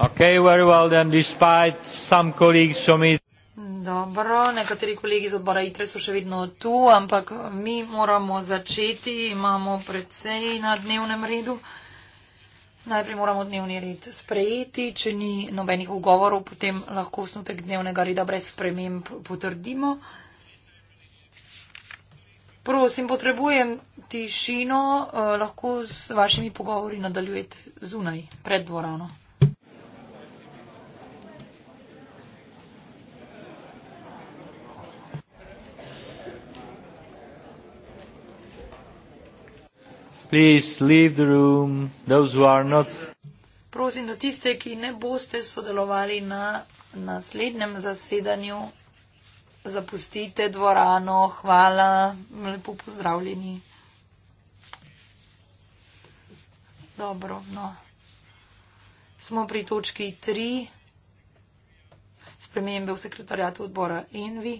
Okay, very well then, despite some colleagues from it. Dobro, nekateri kolegi iz odbora ITRE so še vedno tu, ampak mi moramo začeti, imamo predvsej na dnevnem redu. Najprej moramo dnevni red sprejeti, če ni nobenih ugovorov, potem lahko osnutek dnevnega reda brez sprememb potrdimo. Prosim, potrebujem tišino, eh, lahko s vašimi pogovori nadaljujete zunaj, pred dvorano. Prosim do tiste, ki ne boste sodelovali na naslednjem zasedanju, zapustite dvorano. Hvala, lepo pozdravljeni. Dobro, no. Smo pri točki tri. Spremembe v sekretarjatu odbora Envi.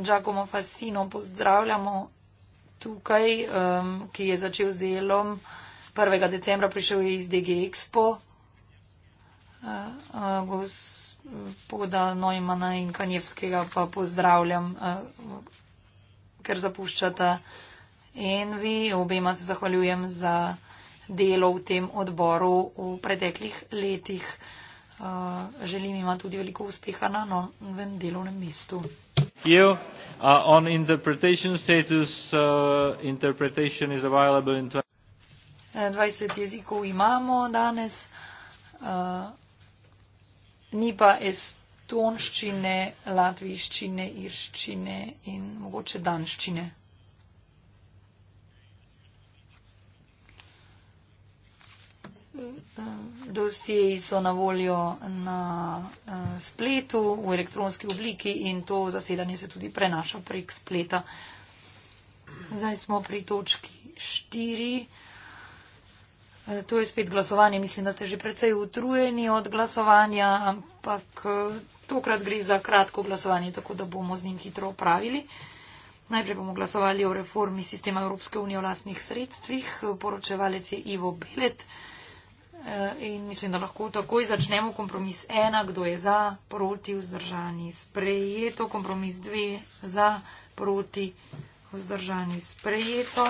Giacomo Fassino pozdravljamo tukaj, um, ki je začel z delom 1. decembra, prišel je iz DG Expo, uh, uh, gospoda Nojmana in Kanjevskega pa pozdravljam, uh, ker zapuščata Envi. Obema se zahvaljujem za delo v tem odboru v preteklih letih. Uh, želim ima tudi veliko uspeha na novem delovnem mestu here uh, on interpretation status uh, interpretation is available in 20 eh, jezikov imamo danes uh, ni pa estonščine latviščine irščine in mogoče danščine dosjeji so na voljo na eh, spletu v elektronski obliki in to zasedanje se tudi prenaša prek spleta. Zdaj smo pri točki štiri. Eh, to je spet glasovanje. Mislim, da ste že precej utrujeni od glasovanja, ampak eh, tokrat gre za kratko glasovanje, tako da bomo z njim hitro opravili. Najprej bomo glasovali o reformi sistema Evropske unije o lastnih sredstvih. Poročevalec je Ivo Belet. Eh, in mislim, da lahko takoj začnemo kompromis ena, kdo je za, proti, vzdržani, sprejeto, kompromis dve, za, proti, vzdržani, sprejeto,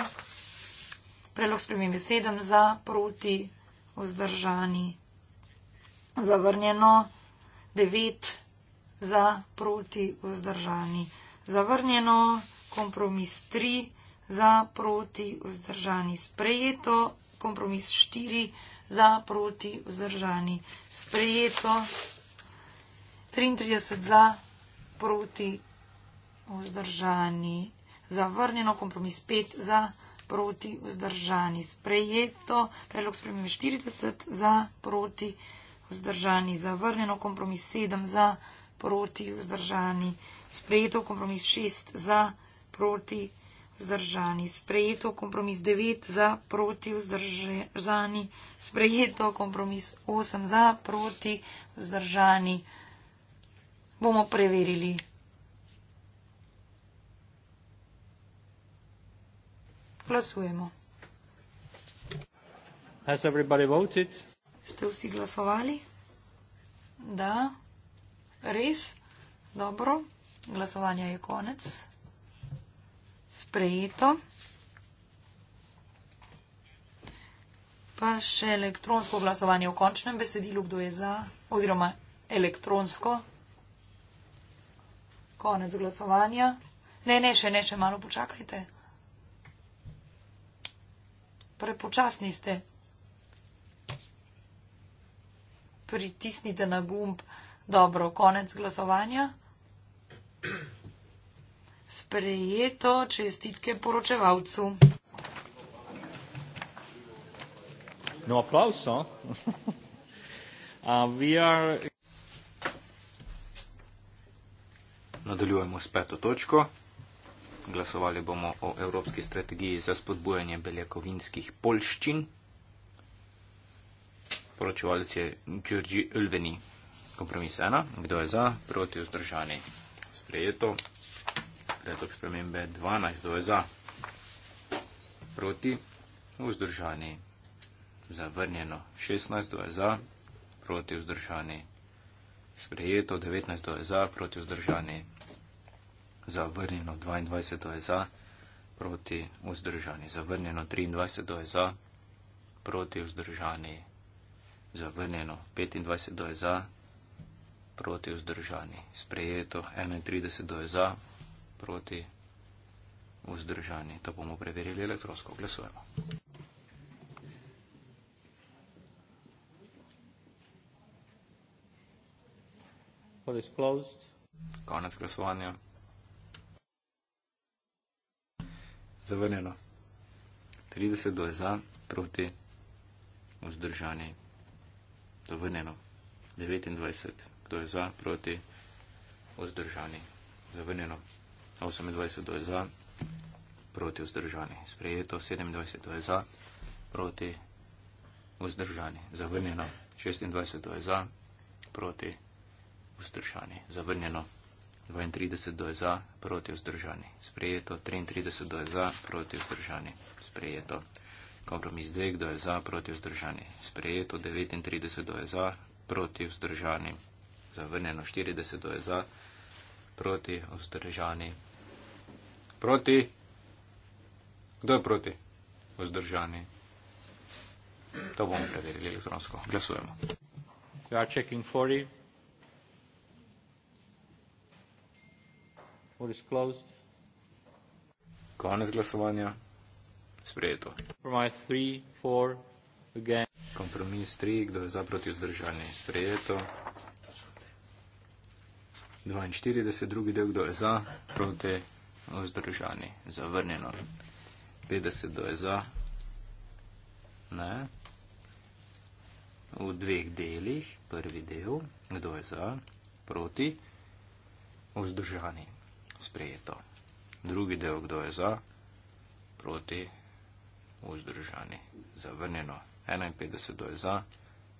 predlog spremembe sedem, za, proti, vzdržani, zavrnjeno, devet, za, proti, vzdržani, zavrnjeno, kompromis tri, za, proti, vzdržani, sprejeto, kompromis štiri, za proti vzdržani. Sprejeto 33 za proti vzdržani. Zavrnjeno kompromis 5 za proti vzdržani. Sprejeto predlog spremembe 40 za proti vzdržani. Zavrnjeno kompromis 7 za proti vzdržani. Sprejeto kompromis 6 za proti vzdržani vzdržani. Sprejeto kompromis 9 za, proti vzdržani. Sprejeto kompromis 8 za, proti vzdržani. Bomo preverili. Glasujemo. Has everybody voted? Ste vsi glasovali? Da. Res? Dobro. Glasovanje je konec sprejeto. Pa še elektronsko glasovanje v končnem besedilu, kdo je za, oziroma elektronsko. Konec glasovanja. Ne, ne, še ne, še malo počakajte. Prepočasni ste. Pritisnite na gumb. Dobro, konec glasovanja sprejeto, čestitke poročevalcu. No aplauso. Eh? uh, are... Nadaljujemo s peto točko. Glasovali bomo o evropski strategiji za spodbujanje beljakovinskih polščin. Poročevalec je Đurđi Ulveni. Kompromis ena. Kdo je za? Proti vzdržani. Sprejeto predlog spremembe 12, kdo je za, proti, vzdržani, zavrnjeno 16, kdo je za, proti, vzdržani, sprejeto 19, kdo je za, proti, vzdržani, zavrnjeno 22, kdo je za, proti, vzdržani, zavrnjeno 23, kdo je za, proti, vzdržani, zavrnjeno 25, kdo je za, proti vzdržani. Sprejeto 31 do je za, proti vzdržani. To bomo preverili elektronsko. Glasujemo. Konec glasovanja. Zavrnjeno. 30 do je za, proti vzdržani. Zavrnjeno. 29. Kdo je za, proti vzdržani. Zavrnjeno. 28 je za, proti vzdržani. Sprejeto 27 je za, proti vzdržani. Zavrnjeno 26 je za, proti vzdržani. Zavrnjeno 32 je za, proti vzdržani. Sprejeto 33 je za, proti vzdržani. Sprejeto. Kompromis 2, kdo je za, proti vzdržani. Sprejeto 39 je za, proti vzdržani. Zavrnjeno 40 je za, proti vzdržani proti vzdržani. Proti? Kdo je proti vzdržani? To bomo preverili elektronsko. Glasujemo. We are checking for you. What is closed? Konec glasovanja. Sprejeto. Compromise 3, 4, again. Kompromis 3, kdo je za proti vzdržanje. Sprejeto. 42, drugi del, kdo je za, proti, vzdržani, zavrnjeno. 50, kdo je za, ne. V dveh delih, prvi del, kdo je za, proti, vzdržani, sprejeto. Drugi del, kdo je za, proti, vzdržani, zavrnjeno. 51, kdo je za,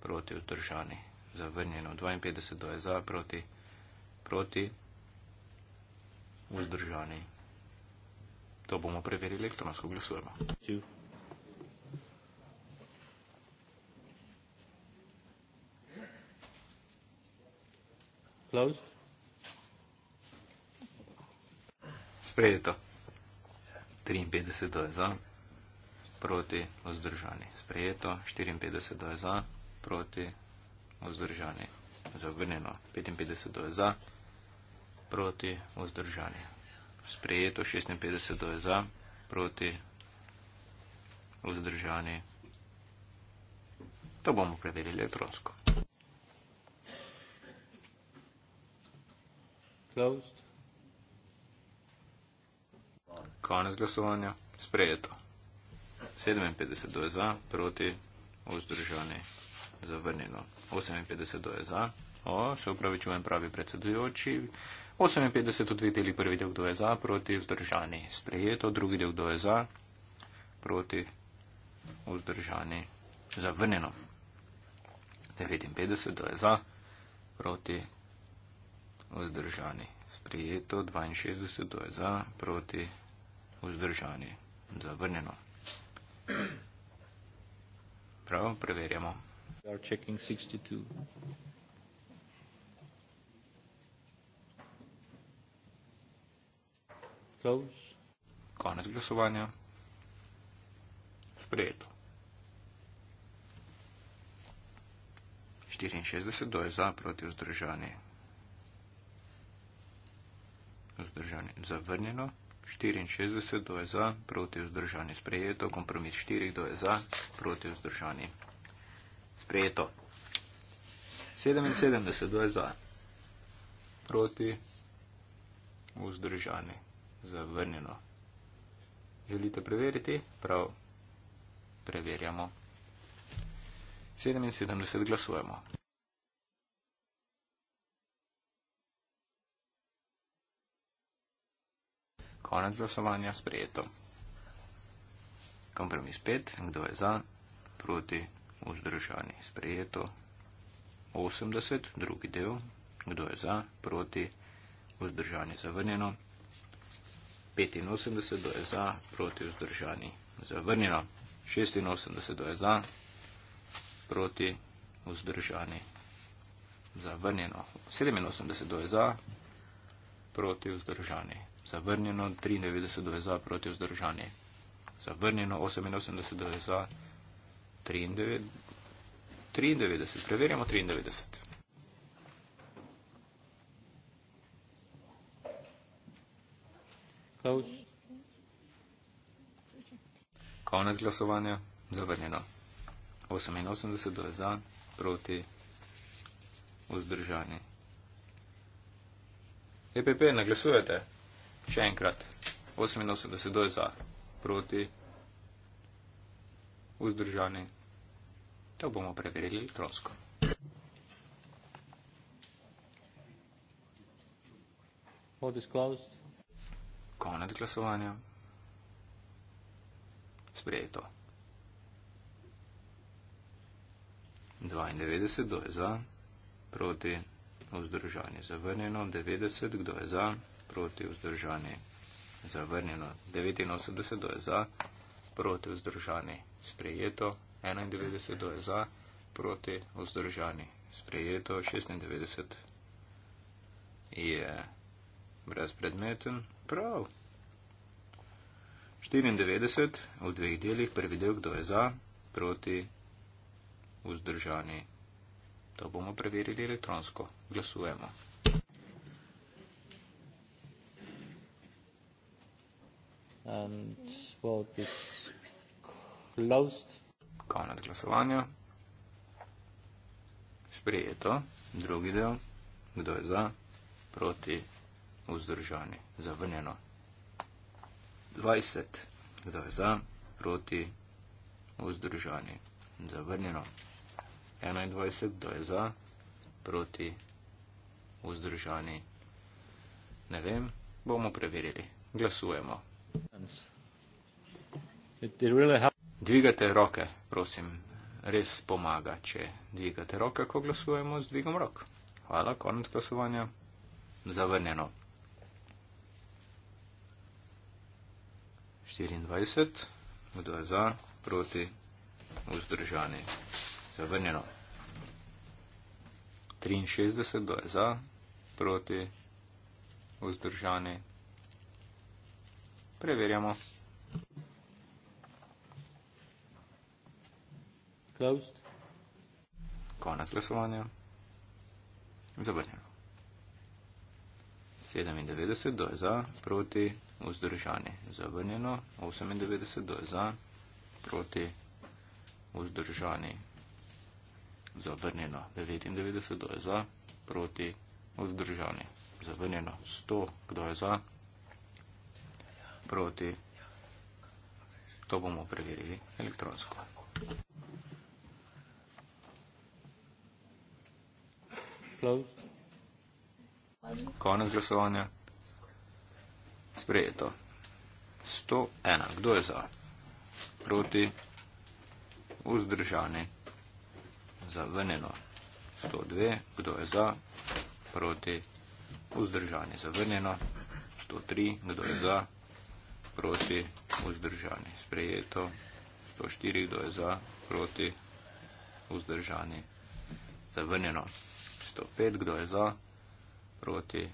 proti, vzdržani, zavrnjeno. 52, kdo je za, proti, vzdržani proti vzdržani. To bomo preverili elektronsko glasujemo. Sprejeto. 53 do je za, proti vzdržani. Sprejeto. 54 do je za, proti vzdržani. Zavrnjeno. 55 do je za proti vzdržanje. Sprejeto 56 do je za, proti vzdržanje. To bomo preverili elektronsko. Closed. Konec glasovanja. Sprejeto. 57 do je za, proti vzdržanje. Zavrnjeno. 58 do je za. O, se upravičujem pravi predsedujoči. 58 v dveh delih, prvi del, kdo je za, proti, vzdržani, sprejeto, drugi del, kdo je za, proti, vzdržani, zavrnjeno. 59, kdo je za, proti, vzdržani, sprejeto, 62, kdo je za, proti, vzdržani, zavrnjeno. Prav, preverjamo. We are checking 62. Kovš. Konec glasovanja. Sprejeto. 64 do je za, proti vzdržani. Vzdržani zavrnjeno. 64 do je za, proti vzdržani. Sprejeto. Kompromis 4 do je za, proti vzdržani. Sprejeto. 77 do je za, proti vzdržani zavrnjeno. Želite preveriti? Prav, preverjamo. 77 glasujemo. Konec glasovanja, sprejeto. Kompromis 5, kdo je za, proti, vzdržani, sprejeto. 80, drugi del, kdo je za, proti, vzdržani, zavrnjeno. 85 do je za, proti vzdržani. Zavrnjeno. 86 do je za, proti vzdržani. Zavrnjeno. 87 do je za, proti vzdržani. Zavrnjeno. 93 do je za, proti vzdržani. Zavrnjeno. 88 do je za, 93. 93. Preverjamo 93. Close. Konec glasovanja. Zavrnjeno. 88 do za, proti vzdržani. EPP, ne glasujete? Še enkrat. 88 do za, proti vzdržani. To bomo preverili elektronsko. Vote is closed konec glasovanja. Sprejeto. 92, kdo je za, proti, vzdržanje, zavrnjeno. 90, kdo je za, proti, vzdržanje, zavrnjeno. 89, kdo je za, proti, vzdržanje, sprejeto. 91, kdo je za, proti, vzdržanje, sprejeto. 96 je brezpredmeten. Prav. 94 v dveh delih, prvi del, kdo je za, proti, vzdržani. To bomo preverili elektronsko. Glasujemo. Konec glasovanja. Sprejeto. Drugi del. Kdo je za? Proti vzdržani, zavrnjeno. 20. Kdo je za, proti, vzdržani, zavrnjeno. 21. Kdo je za, proti, vzdržani. Ne vem, bomo preverili. Glasujemo. Dvigate roke, prosim. Res pomaga, če dvigate roke, ko glasujemo z dvigom rok. Hvala, konec glasovanja. Zavrnjeno. 24, kdo je za, proti, vzdržani, zavrnjeno. 63, kdo je za, proti, vzdržani, preverjamo. Closed. Konec glasovanja. Zavrnjeno. 97, kdo je za, proti, vzdržani vzdržani. Zavrnjeno 98 do za, proti vzdržani. Zavrnjeno 99 do za, proti vzdržani. Zavrnjeno 100, kdo je za, proti. To bomo preverili elektronsko. Konec glasovanja. Sprejeto. 101. Kdo je za? Proti. Vzdržani. Zavrnjeno. 102. Kdo je za? Proti. Vzdržani. Zavrnjeno. 103. Kdo je za? Proti. Vzdržani. Sprejeto. 104. Kdo je za? Proti. Vzdržani. Zavrnjeno. 105. Kdo je za? Proti.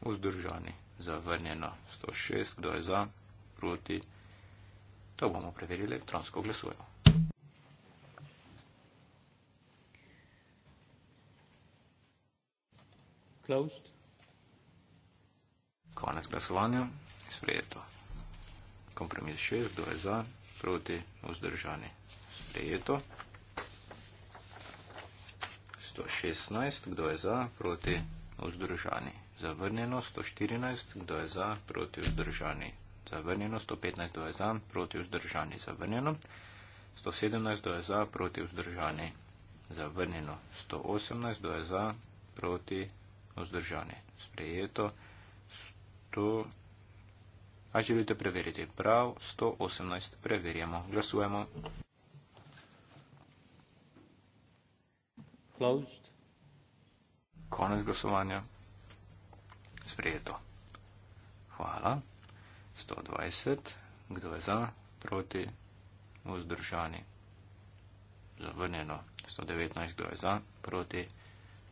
Vzdržani zavrnjeno 106, kdo je za, proti. To bomo preverili elektronsko glasujemo. Closed. Konec glasovanja. Sprejeto. Kompromis 6, kdo je za, proti, vzdržani. Sprejeto. 116, kdo je za, proti, vzdržani zavrnjeno 114, kdo je za, proti vzdržani, zavrnjeno 115, kdo je za, proti vzdržani, zavrnjeno 117, kdo je za, proti vzdržani, zavrnjeno 118, kdo je za, proti vzdržani, sprejeto 100. A želite preveriti prav, 118 preverjamo, glasujemo. Closed. Konec glasovanja sprejeto. Hvala. 120. Kdo je za? Proti? Vzdržani. Zavrnjeno. 119. Kdo je za? Proti?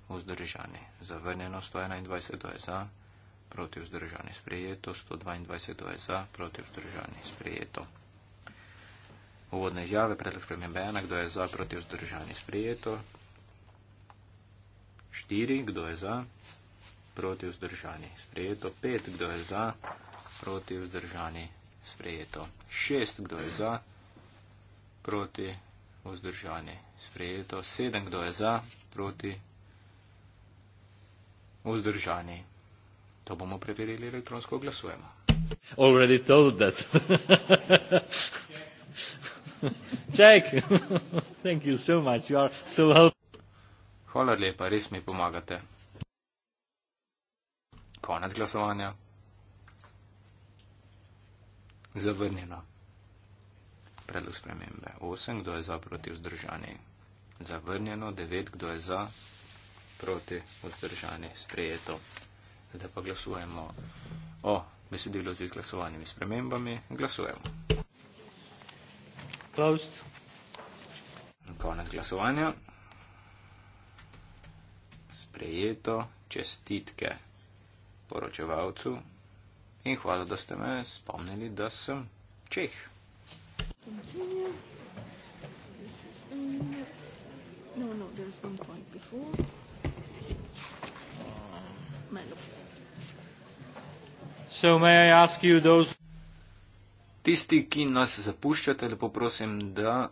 Vzdržani. Zavrnjeno. 121. Kdo je za? Proti? Vzdržani. Sprejeto. 122. Kdo je za? Proti? Vzdržani. Sprejeto. Uvodne izjave. Predlog premembe 1. Kdo je za? Proti? Vzdržani. Sprejeto. 4. Kdo je za? proti vzdržani. Sprejeto pet, kdo je za, proti vzdržani. Sprejeto šest, kdo je za, proti vzdržani. Sprejeto sedem, kdo je za, proti vzdržani. To bomo preverili elektronsko glasujemo. Already told that. Check. Thank you so much. You are so helpful. Hvala lepa, res mi pomagate konec glasovanja. Zavrnjeno. Predlog spremembe. 8. Kdo je za proti vzdržani? Zavrnjeno. 9. Kdo je za proti vzdržani? Sprejeto. Zdaj pa glasujemo o besedilu z izglasovanimi spremembami. Glasujemo. Closed. Konec glasovanja. Sprejeto. Čestitke poročevalcu in hvala, da ste me spomnili, da sem Čeh. No, no, uh, Tisti, ki nas zapuščate, lepo prosim, da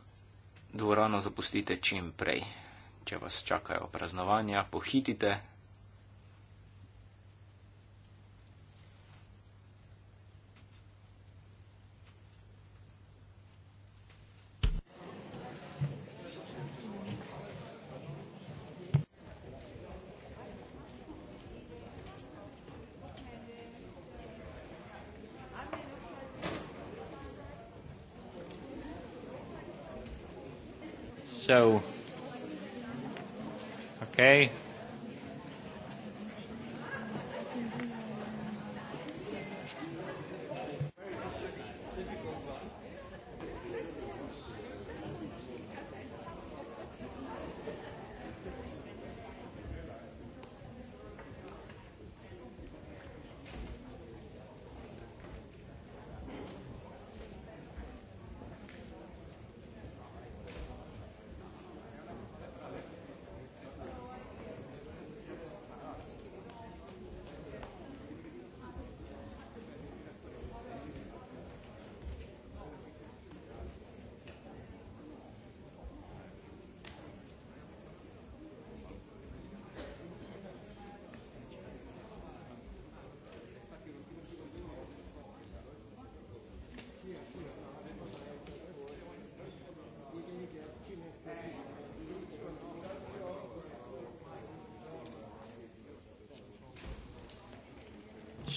dvorano zapustite čim prej. Če vas čakajo praznovanja, pohitite. so okay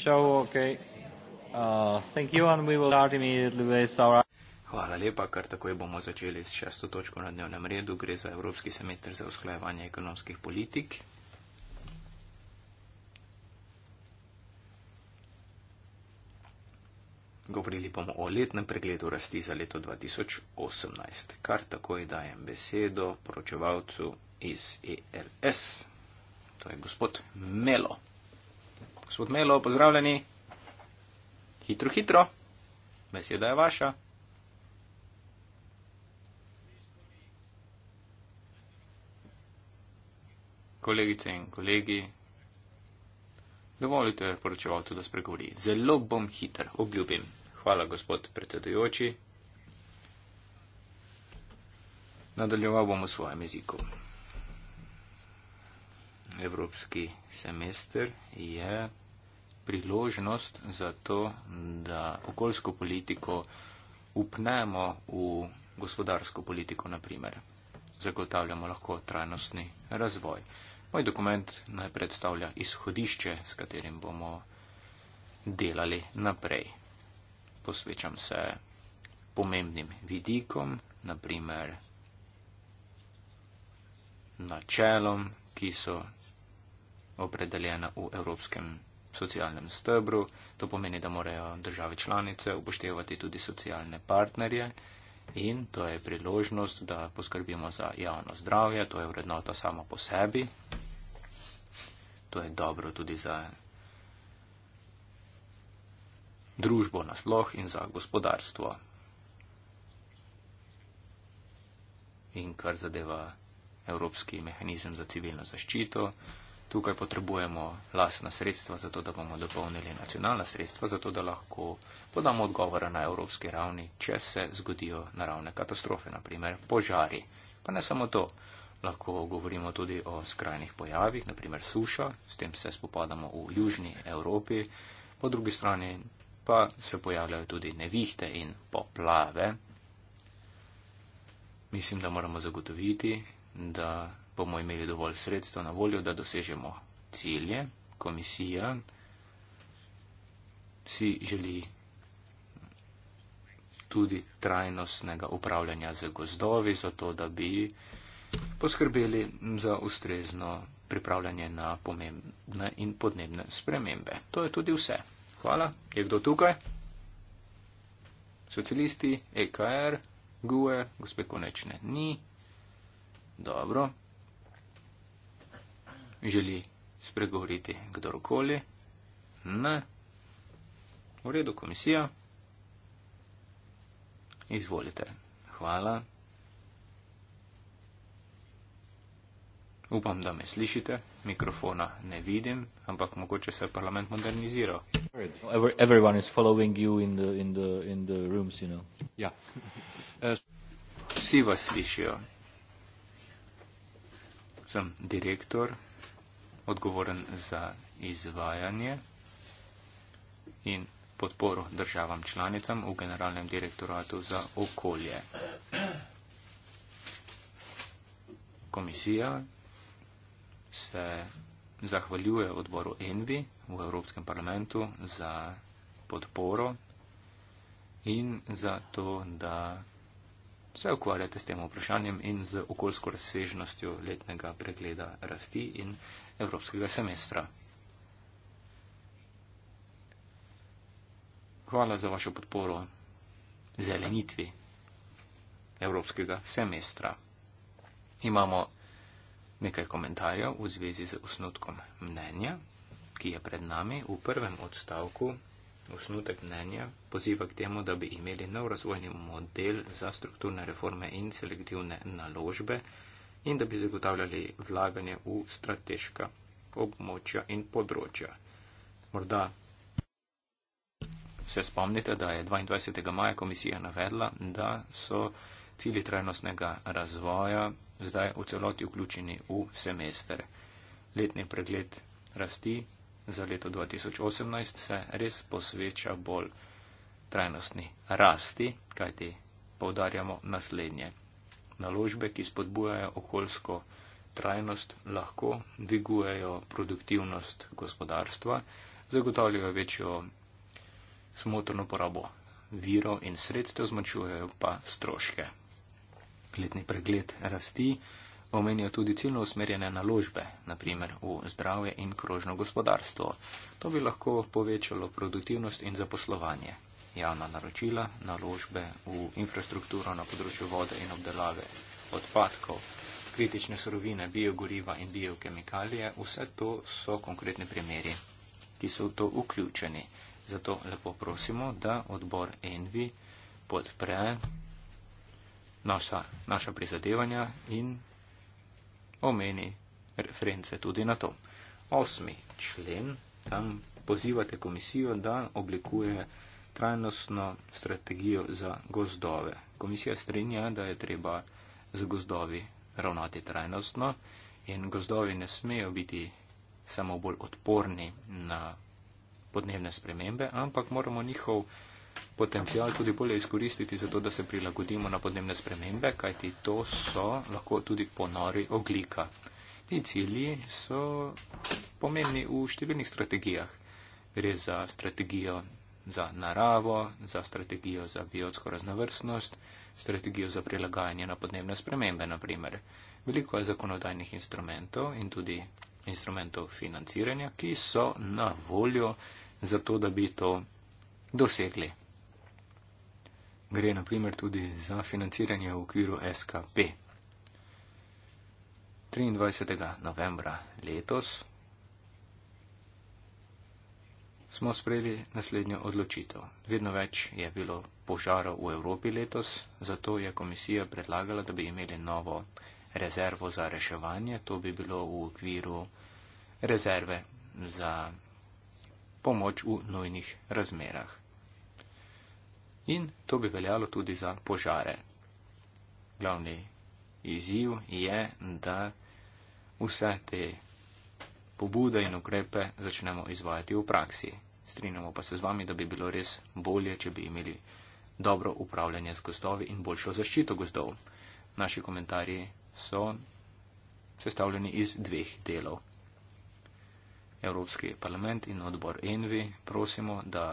šel, ok. Uh, Hvala lepa, kar takoj bomo začeli s šesto točko na dnevnem redu. Gre za Evropski semester za usklajevanje ekonomskih politik. Govorili bomo o letnem pregledu rasti za leto 2018. Kar takoj dajem besedo poročevalcu iz ELS. To je gospod Melo. Gospod Melo, pozdravljeni. Hitro, hitro. Beseda je vaša. Kolegice in kolegi, dovolite poročevalcu, da spregovori. Zelo bom hiter, obljubim. Hvala, gospod predsedujoči. Nadaljeval bom v svojem jeziku. Evropski semester je priložnost za to, da okoljsko politiko upnemo v gospodarsko politiko, naprimer. Zagotavljamo lahko trajnostni razvoj. Moj dokument naj predstavlja izhodišče, s katerim bomo delali naprej. Posvečam se pomembnim vidikom, naprimer načelom, ki so opredeljena v Evropskem socialnem stebru, to pomeni, da morajo države članice upoštevati tudi socialne partnerje in to je priložnost, da poskrbimo za javno zdravje, to je vrednota sama po sebi, to je dobro tudi za družbo nasploh in za gospodarstvo. In kar zadeva Evropski mehanizem za civilno zaščito, Tukaj potrebujemo lasna sredstva, zato da bomo dopolnili nacionalna sredstva, zato da lahko podamo odgovore na evropski ravni, če se zgodijo naravne katastrofe, naprimer požari. Pa ne samo to, lahko govorimo tudi o skrajnih pojavih, naprimer suša, s tem se spopadamo v južni Evropi, po drugi strani pa se pojavljajo tudi nevihte in poplave. Mislim, da moramo zagotoviti, da bomo imeli dovolj sredstva na voljo, da dosežemo cilje. Komisija si želi tudi trajnostnega upravljanja z gozdovi, zato da bi poskrbeli za ustrezno pripravljanje na pomembne in podnebne spremembe. To je tudi vse. Hvala. Je kdo tukaj? Socialisti, EKR, GUE, gospe konečne, ni. Dobro. Želi spregovoriti kdorkoli? Ne. V redu, komisija. Izvolite. Hvala. Upam, da me slišite. Mikrofona ne vidim, ampak mogoče se je parlament moderniziral. Everyone is following you in the, in the, in the rooms, you know. Ja. Vsi vas slišijo. Sem direktor odgovoren za izvajanje in podporo državam članicam v Generalnem direktoratu za okolje. Komisija se zahvaljuje odboru Envi v Evropskem parlamentu za podporo in za to, da se ukvarjate s tem vprašanjem in z okoljsko razsežnostjo letnega pregleda rasti in evropskega semestra. Hvala za vašo podporo zelenitvi evropskega semestra. Imamo nekaj komentarjev v zvezi z osnutkom mnenja, ki je pred nami v prvem odstavku osnutek mnenja poziva k temu, da bi imeli nov razvojni model za strukturne reforme in selektivne naložbe in da bi zagotavljali vlaganje v strateška območja in področja. Morda se spomnite, da je 22. maja komisija navedla, da so cilji trajnostnega razvoja zdaj v celoti vključeni v semester. Letni pregled rasti za leto 2018 se res posveča bolj trajnostni rasti, kajti povdarjamo naslednje. Naložbe, ki spodbujajo okoljsko trajnost, lahko dvigujejo produktivnost gospodarstva, zagotavljajo večjo smotrno porabo virov in sredstev, zmanjšujejo pa stroške. Letni pregled rasti omenijo tudi ciljno usmerjene naložbe, naprimer v zdravje in krožno gospodarstvo. To bi lahko povečalo produktivnost in zaposlovanje. Javna naročila, naložbe v infrastrukturo na področju vode in obdelave odpadkov, kritične surovine, biogoriva in biokemikalije, vse to so konkretni primeri, ki so v to vključeni. Zato lepo prosimo, da odbor Envi podpre naša, naša prizadevanja in omeni reference tudi na to. Osmi člen, tam pozivate komisijo, da oblikuje trajnostno strategijo za gozdove. Komisija strinja, da je treba z gozdovi ravnati trajnostno in gozdovi ne smejo biti samo bolj odporni na podnebne spremembe, ampak moramo njihov potencial tudi bolje izkoristiti, zato da se prilagodimo na podnebne spremembe, kajti to so lahko tudi ponori oglika. Ti cilji so pomembni v številnih strategijah. Gre za strategijo za naravo, za strategijo za biotsko raznovrstnost, strategijo za prilagajanje na podnebne spremembe, naprimer. Veliko je zakonodajnih instrumentov in tudi instrumentov financiranja, ki so na voljo za to, da bi to dosegli gre naprimer tudi za financiranje v okviru SKP. 23. novembra letos smo sprejeli naslednjo odločitev. Vedno več je bilo požarov v Evropi letos, zato je komisija predlagala, da bi imeli novo rezervo za reševanje. To bi bilo v okviru rezerve za pomoč v nujnih razmerah in to bi veljalo tudi za požare. Glavni izziv je, da vse te pobude in ukrepe začnemo izvajati v praksi. Strinjamo pa se z vami, da bi bilo res bolje, če bi imeli dobro upravljanje z gozdovi in boljšo zaščito gozdov. Naši komentarji so sestavljeni iz dveh delov. Evropski parlament in odbor Envi prosimo, da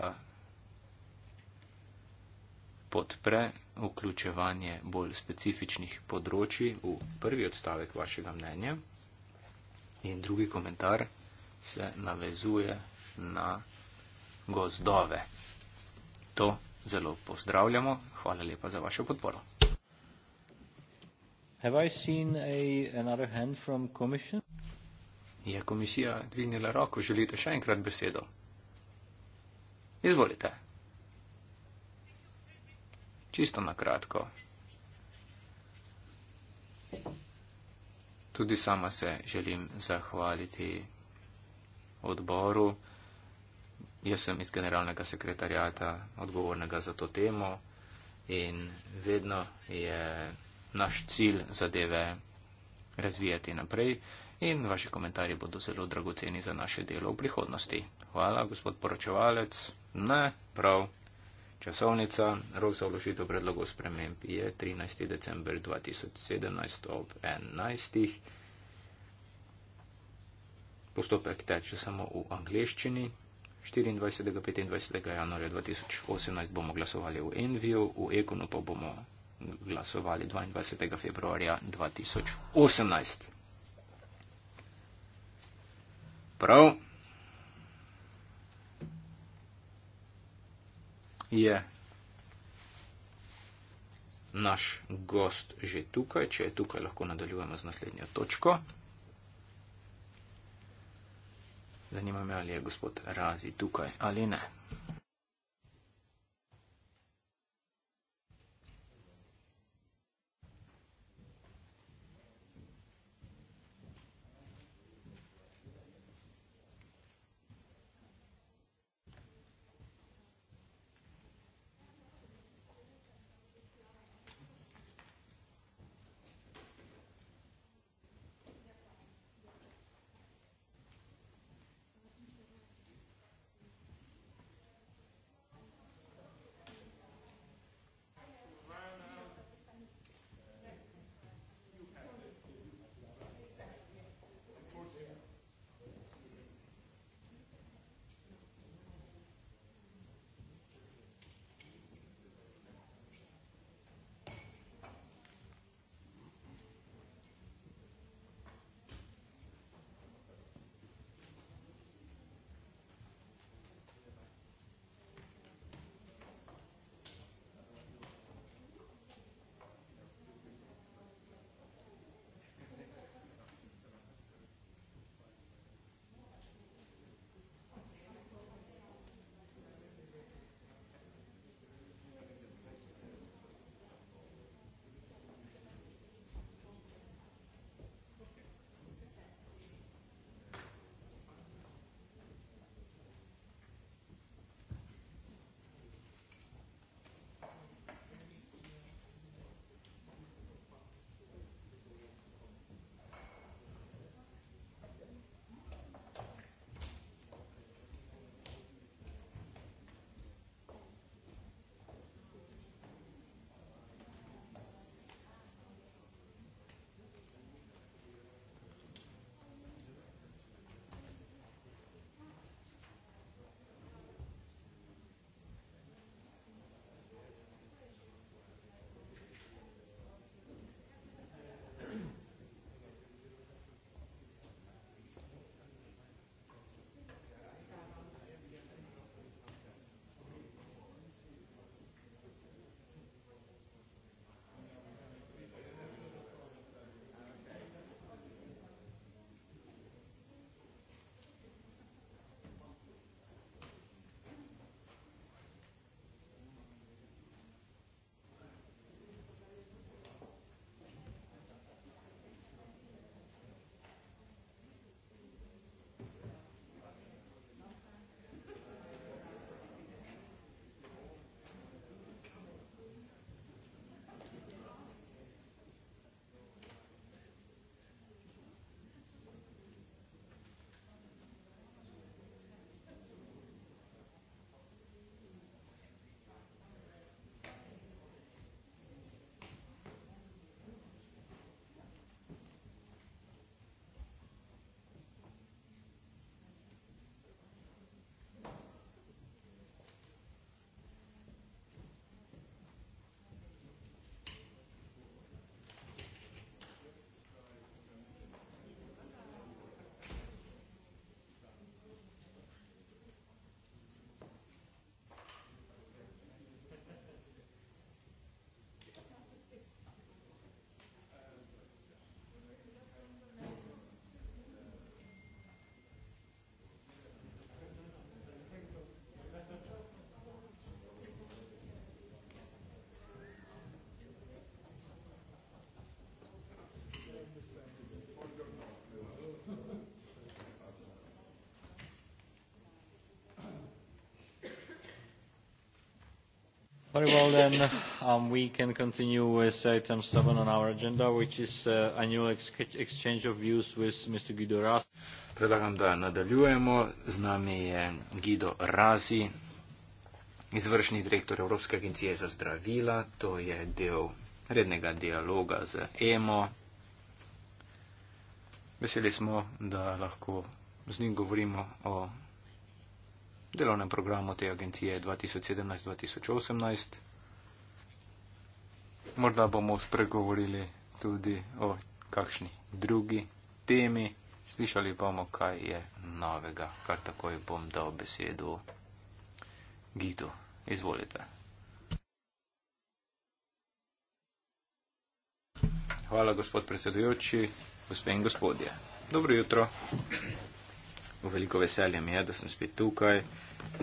podpre vključevanje bolj specifičnih področji v prvi odstavek vašega mnenja in drugi komentar se navezuje na gozdove. To zelo pozdravljamo. Hvala lepa za vašo podporo. Je komisija dvignila roko? Želite še enkrat besedo? Izvolite čisto na kratko. Tudi sama se želim zahvaliti odboru. Jaz sem iz generalnega sekretarjata odgovornega za to temo in vedno je naš cilj zadeve razvijati naprej in vaši komentarji bodo zelo dragoceni za naše delo v prihodnosti. Hvala, gospod poročevalec. Ne, prav. Časovnica za vložitev predlogov sprememb je 13. december 2017 ob 11. Postopek teče samo v angleščini. 24. in 25. januarja 2018 bomo glasovali v Enviju, v Ekonu pa bomo glasovali 22. februarja 2018. Prav. je naš gost že tukaj. Če je tukaj, lahko nadaljujemo z naslednjo točko. Zanima me, ali je gospod Razi tukaj ali ne. Very well then, um, we can continue with item seven on our agenda, which is uh, annual exchange of views with Mr. Guido Raz. Predlagam, da nadaljujemo. Z nami je Guido Razi, izvršni direktor Evropske agencije za zdravila. To je del rednega dialoga z EMO. Veseli smo, da lahko z njim govorimo o delovnem programu te agencije 2017-2018. Morda bomo spregovorili tudi o kakšni drugi temi, slišali bomo, kaj je novega, kar takoj bom dal besedo Gidu. Izvolite. Hvala, gospod predsedujoči, gospe in gospodje. Dobro jutro veliko veselje mi je, da sem spet tukaj,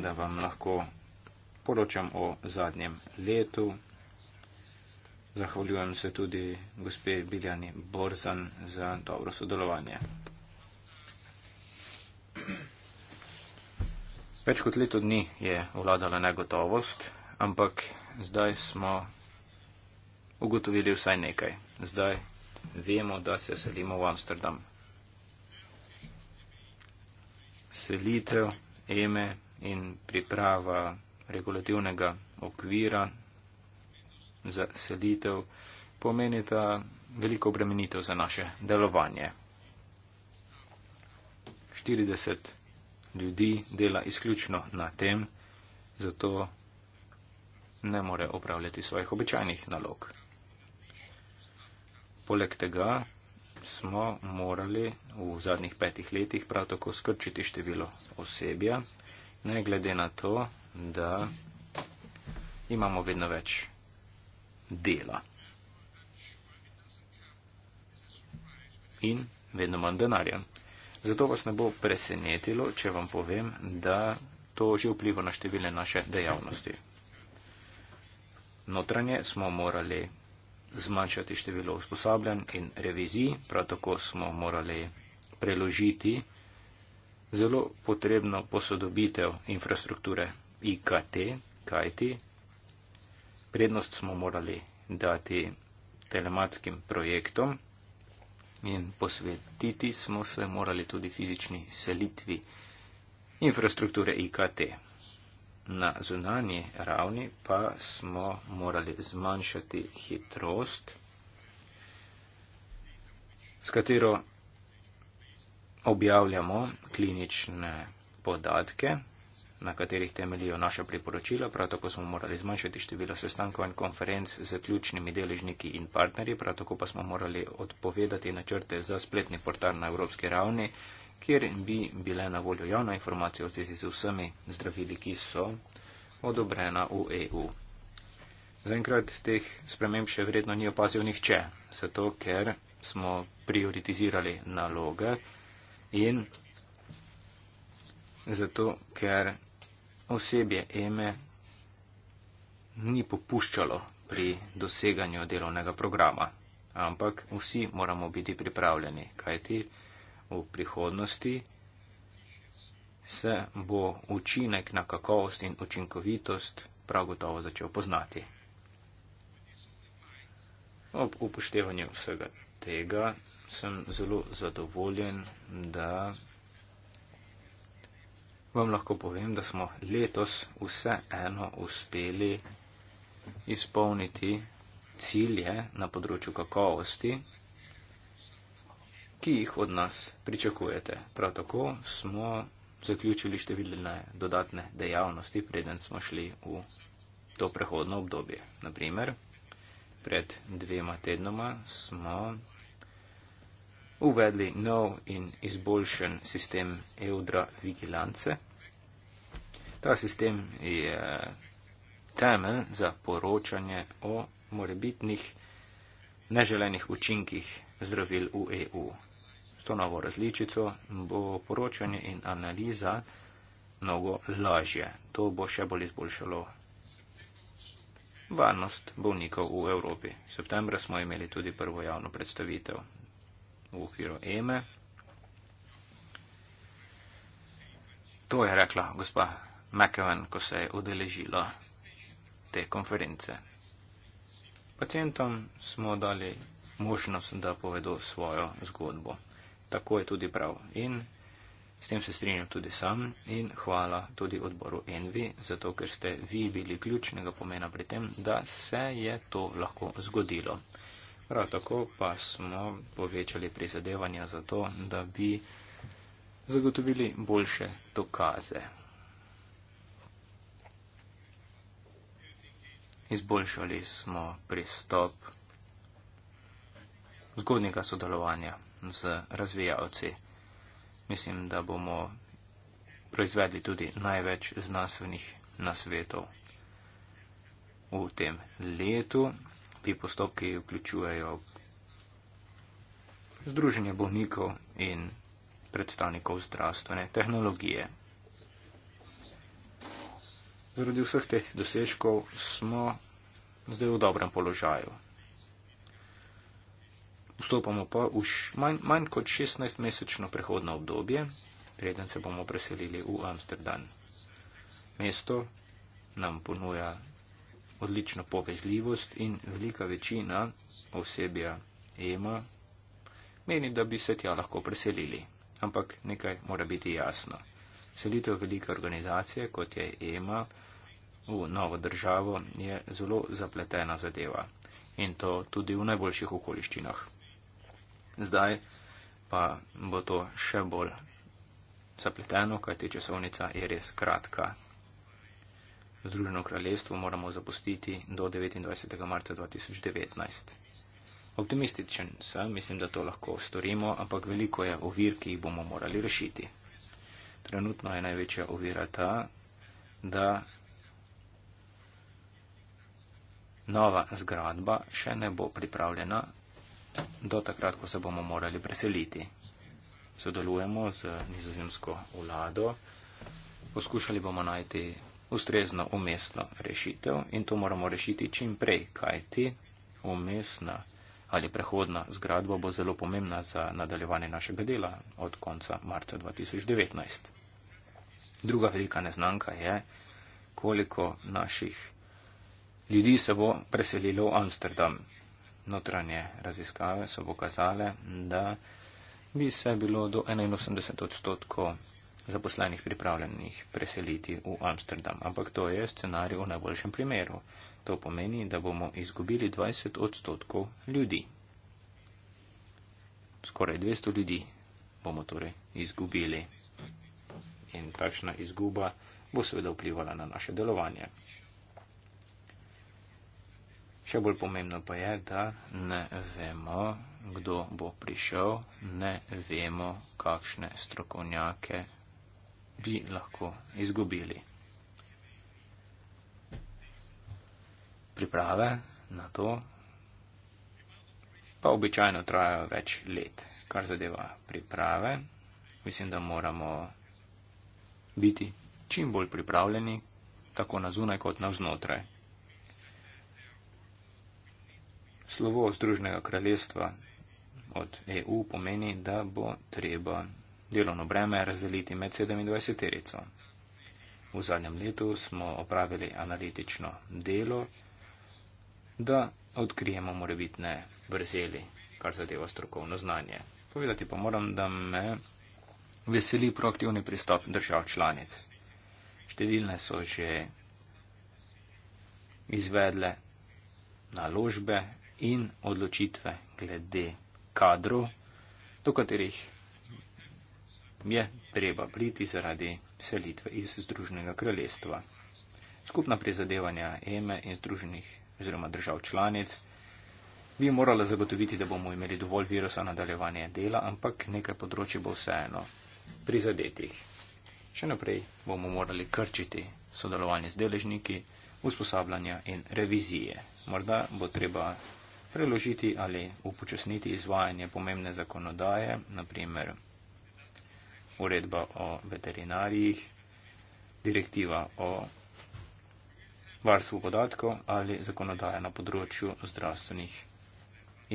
da vam lahko poročam o zadnjem letu. Zahvaljujem se tudi gospe Biljani Borzan za dobro sodelovanje. Več kot leto dni je vladala negotovost, ampak zdaj smo ugotovili vsaj nekaj. Zdaj vemo, da se selimo v Amsterdam. selitev EME in priprava regulativnega okvira za selitev pomenita veliko obremenitev za naše delovanje. 40 ljudi dela izključno na tem, zato ne more opravljati svojih običajnih nalog. Poleg tega smo morali v zadnjih petih letih prav tako skrčiti število osebja, ne glede na to, da imamo vedno več dela in vedno manj denarja. Zato vas ne bo presenetilo, če vam povem, da to že vpliva na številne naše dejavnosti. Notranje smo morali zmanjšati število usposabljanj in revizij, prav tako smo morali preložiti zelo potrebno posodobitev infrastrukture IKT, kajti prednost smo morali dati telematskim projektom in posvetiti smo se morali tudi fizični selitvi infrastrukture IKT. Na zunanji ravni pa smo morali zmanjšati hitrost, s katero objavljamo klinične podatke, na katerih temeljijo naša priporočila. Prav tako smo morali zmanjšati število sestankov in konferenc z ključnimi deležniki in partnerji. Prav tako pa smo morali odpovedati načrte za spletni portal na evropski ravni kjer bi bile na voljo javna informacija o zvezi z vsemi zdravili, ki so odobrena v EU. Zaenkrat teh sprememb še vredno ni opazil nihče, zato ker smo prioritizirali naloge in zato ker osebje EME ni popuščalo pri doseganju delovnega programa. Ampak vsi moramo biti pripravljeni, kajti v prihodnosti, se bo učinek na kakovost in učinkovitost prav gotovo začel poznati. Ob upoštevanju vsega tega sem zelo zadovoljen, da vam lahko povem, da smo letos vseeno uspeli izpolniti cilje na področju kakovosti ki jih od nas pričakujete. Prav tako smo zaključili številne dodatne dejavnosti, preden smo šli v to prehodno obdobje. Naprimer, pred dvema tednoma smo uvedli nov in izboljšen sistem Eudra Vigilance. Ta sistem je temelj za poročanje o morebitnih neželenih učinkih zdravil v EU to novo različico, bo poročanje in analiza mnogo lažje. To bo še bolj izboljšalo varnost bolnikov v Evropi. V septembru smo imeli tudi prvo javno predstavitev v okviru EME. E. To je rekla gospa McEwen, ko se je odeležila te konference. Pacijentom smo dali možnost, da povedo svojo zgodbo tako je tudi prav. In s tem se strinjam tudi sam in hvala tudi odboru Envi, zato ker ste vi bili ključnega pomena pri tem, da se je to lahko zgodilo. Prav tako pa smo povečali prizadevanja za to, da bi zagotovili boljše dokaze. Izboljšali smo pristop zgodnega sodelovanja z razvijalci. Mislim, da bomo proizvedli tudi največ znanstvenih nasvetov. V tem letu ti postopki vključujejo združenje bolnikov in predstavnikov zdravstvene tehnologije. Zaradi vseh teh dosežkov smo zdaj v dobrem položaju vstopamo pa v manj, manj kot 16-mesečno prehodno obdobje, preden se bomo preselili v Amsterdam. Mesto nam ponuja odlično povezljivost in velika večina osebja EMA meni, da bi se tja lahko preselili. Ampak nekaj mora biti jasno. Selitev velike organizacije, kot je EMA, v novo državo je zelo zapletena zadeva. In to tudi v najboljših okoliščinah zdaj pa bo to še bolj zapleteno, kajti časovnica je res kratka. Združeno kraljestvo moramo zapustiti do 29. marca 2019. Optimističen sem, mislim, da to lahko storimo, ampak veliko je ovir, ki jih bomo morali rešiti. Trenutno je največja ovira ta, da nova zgradba še ne bo pripravljena do takrat, ko se bomo morali preseliti. Sodelujemo z nizozemsko vlado, poskušali bomo najti ustrezno umestno rešitev in to moramo rešiti čim prej, kajti umestna ali prehodna zgradba bo zelo pomembna za nadaljevanje našega dela od konca marca 2019. Druga velika neznanka je, koliko naših ljudi se bo preselilo v Amsterdam notranje raziskave so pokazale, da bi se bilo do 81 odstotkov zaposlenih pripravljenih preseliti v Amsterdam. Ampak to je scenarij v najboljšem primeru. To pomeni, da bomo izgubili 20 odstotkov ljudi. Skoraj 200 ljudi bomo torej izgubili. In takšna izguba bo seveda vplivala na naše delovanje. Še bolj pomembno pa je, da ne vemo, kdo bo prišel, ne vemo, kakšne strokovnjake bi lahko izgubili. Priprave na to pa običajno trajajo več let. Kar zadeva priprave, mislim, da moramo biti čim bolj pripravljeni, tako na zunaj kot na vznotraj. slovo Združnega kraljestva od EU pomeni, da bo treba delovno breme razdeliti med 27-terico. V zadnjem letu smo opravili analitično delo, da odkrijemo morebitne vrzeli, kar zadeva strokovno znanje. Povedati pa moram, da me veseli proaktivni pristop držav članic. Številne so že izvedle naložbe in odločitve glede kadrov, do katerih je treba priti zaradi selitve iz Združenega kraljestva. Skupna prizadevanja EME in Združenih oziroma držav članic bi morala zagotoviti, da bomo imeli dovolj virusa nadaljevanje dela, ampak nekaj področji bo vseeno prizadetih. Še naprej bomo morali krčiti sodelovanje z deležniki, usposabljanja in revizije. Morda bo treba preložiti ali upočasniti izvajanje pomembne zakonodaje, naprimer uredba o veterinarjih, direktiva o varstvu podatkov ali zakonodaja na področju zdravstvenih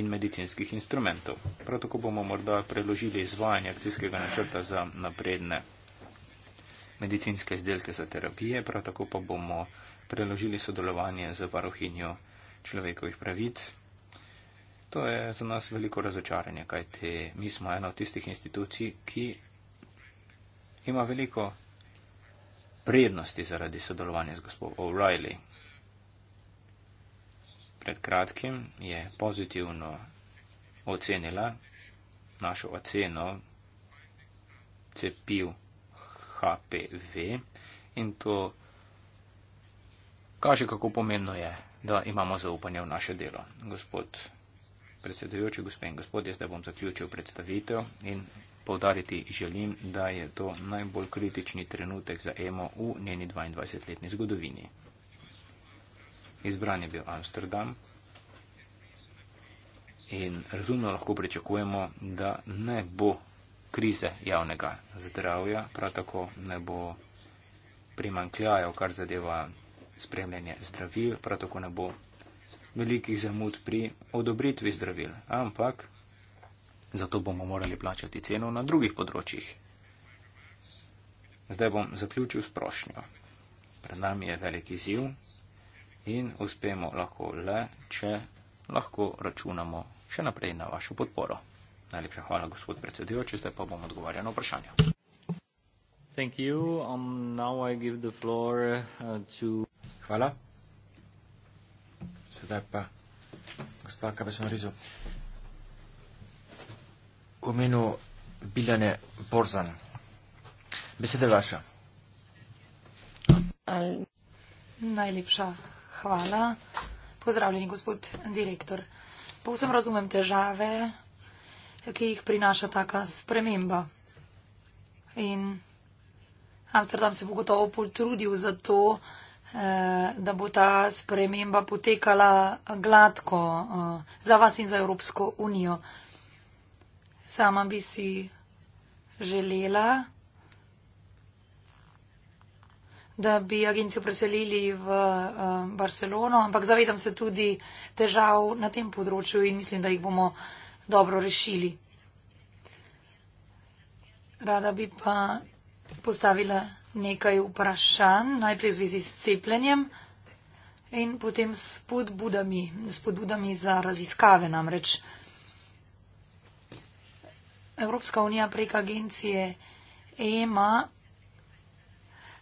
in medicinskih instrumentov. Prav tako bomo morda preložili izvajanje akcijskega načrta za napredne medicinske izdelke za terapije, prav tako pa bomo preložili sodelovanje z varohinjo človekovih pravic To je za nas veliko razočaranje, kajti mi smo ena od tistih institucij, ki ima veliko prednosti zaradi sodelovanja z gospod O'Reilly. Pred kratkim je pozitivno ocenila našo oceno cepiv HPV in to kaže, kako pomembno je, da imamo zaupanje v naše delo. Gospod predsedujoči, gospe in gospodje, zdaj bom zaključil predstavitev in povdariti želim, da je to najbolj kritični trenutek za EMO v njeni 22-letni zgodovini. Izbran je bil Amsterdam in razumno lahko pričakujemo, da ne bo krize javnega zdravja, prav tako ne bo primankljajo, kar zadeva spremljanje zdravil, prav tako ne bo velikih zamud pri odobritvi zdravil, ampak zato bomo morali plačati ceno na drugih področjih. Zdaj bom zaključil s prošnjo. Pred nami je veliki ziv in uspemo lahko le, če lahko računamo še naprej na vašo podporo. Najlepša hvala, gospod predsedujoči, zdaj pa bom odgovarjal na vprašanje. Um, uh, to... Hvala. Sedaj pa, gospa Kabešan Rizo. V imenu Biljane Borzan. Beseda je vaša. Najlepša hvala. Pozdravljeni, gospod direktor. Povsem razumem težave, ki jih prinaša taka sprememba. In Amsterdam se bo gotovo potrudil za to, da Eh, da bo ta sprememba potekala gladko eh, za vas in za Evropsko unijo. Sama bi si želela, da bi agencijo preselili v eh, Barcelono, ampak zavedam se tudi težav na tem področju in mislim, da jih bomo dobro rešili. Rada bi pa postavila nekaj vprašanj, najprej v zvezi s cepljenjem in potem s podbudami, s podbudami za raziskave namreč. Evropska unija prek agencije EMA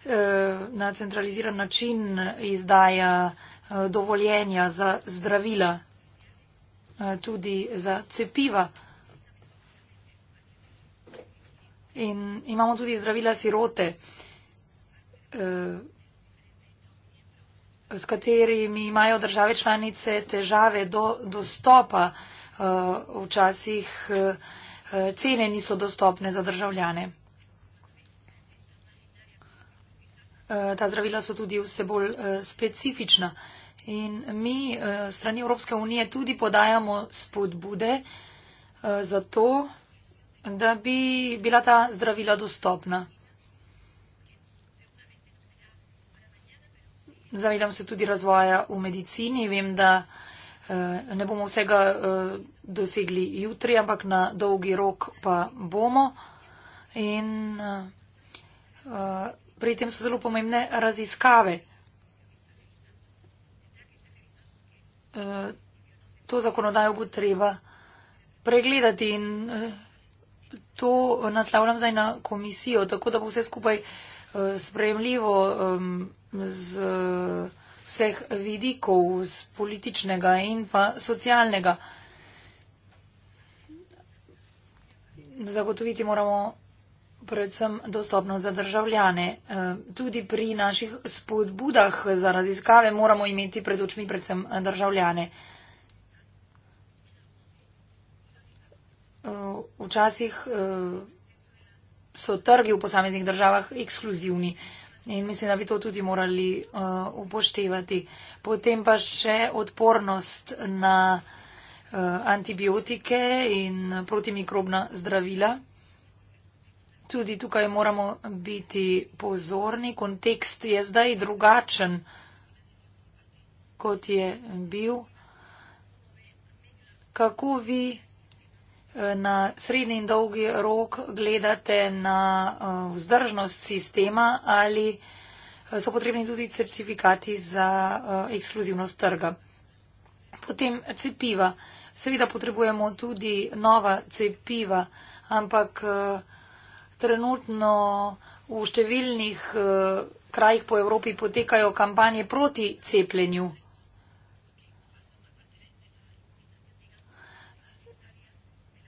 eh, na centraliziran način izdaja eh, dovoljenja za zdravila, eh, tudi za cepiva. In imamo tudi zdravila sirote. Eh, s katerimi imajo države članice težave do dostopa, eh, včasih eh, cene niso dostopne za državljane. Ta zdravila so tudi vse bolj specifična in mi strani Evropske unije tudi podajamo spodbude za to, da bi bila ta zdravila dostopna. Zavedam se tudi razvoja v medicini. Vem, da eh, ne bomo vsega eh, dosegli jutri, ampak na dolgi rok pa bomo. In eh, pri tem so zelo pomembne raziskave. To zakonodajo bo treba pregledati in to naslavljam zdaj na komisijo, tako da bo vse skupaj sprejemljivo z eh, vseh vidikov, z političnega in pa socialnega. Zagotoviti moramo predvsem dostopnost za državljane. Eh, tudi pri naših spodbudah za raziskave moramo imeti pred očmi predvsem državljane. Eh, včasih so trgi v posameznih državah ekskluzivni. In mislim, da bi to tudi morali uh, upoštevati. Potem pa še odpornost na uh, antibiotike in protimikrobna zdravila. Tudi tukaj moramo biti pozorni. Kontekst je zdaj drugačen, kot je bil. Kako vi na srednji in dolgi rok gledate na eh, vzdržnost sistema ali eh, so potrebni tudi certifikati za eh, ekskluzivnost trga. Potem cepiva. Seveda potrebujemo tudi nova cepiva, ampak trenutno v številnih krajih po Evropi potekajo kampanje proti cepljenju.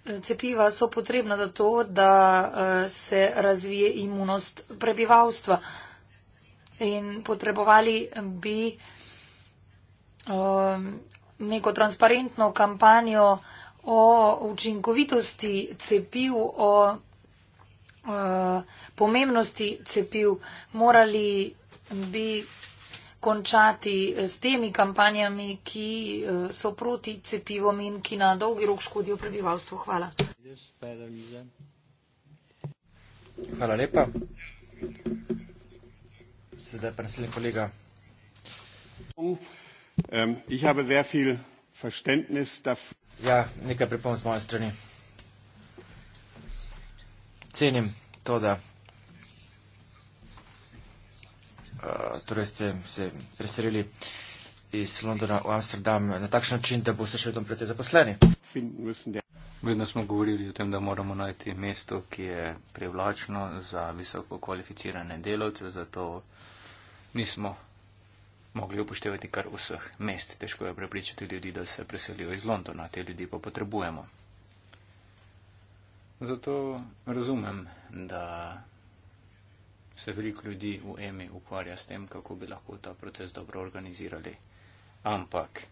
cepiva so potrebna za to, da eh, se razvije imunost prebivalstva. In potrebovali bi eh, neko transparentno kampanjo o učinkovitosti cepiv, o eh, pomembnosti cepiv. Morali bi končati eh, s temi kampanjami, ki eh, so proti cepivom in ki na dolgi rok škodijo prebivalstvu. Hvala. Hvala lepa. Sedaj pa naslednji kolega. Ehm, ich habe sehr viel Verständnis dafür. Ja, nekaj pripomb z moje strani. Cenim to, da Eh, torej ste se preselili iz Londona v Amsterdam na takšen način, da boste še vedno precej zaposleni. Vedno smo govorili o tem, da moramo najti mesto, ki je privlačno za visoko kvalificirane delavce, zato nismo mogli upoštevati kar vseh mest. Težko je prepričati ljudi, da se preselijo iz Londona, te ljudi pa potrebujemo. Zato razumem, da se veliko ljudi v EMI ukvarja s tem, kako bi lahko ta proces dobro organizirali. Ampak,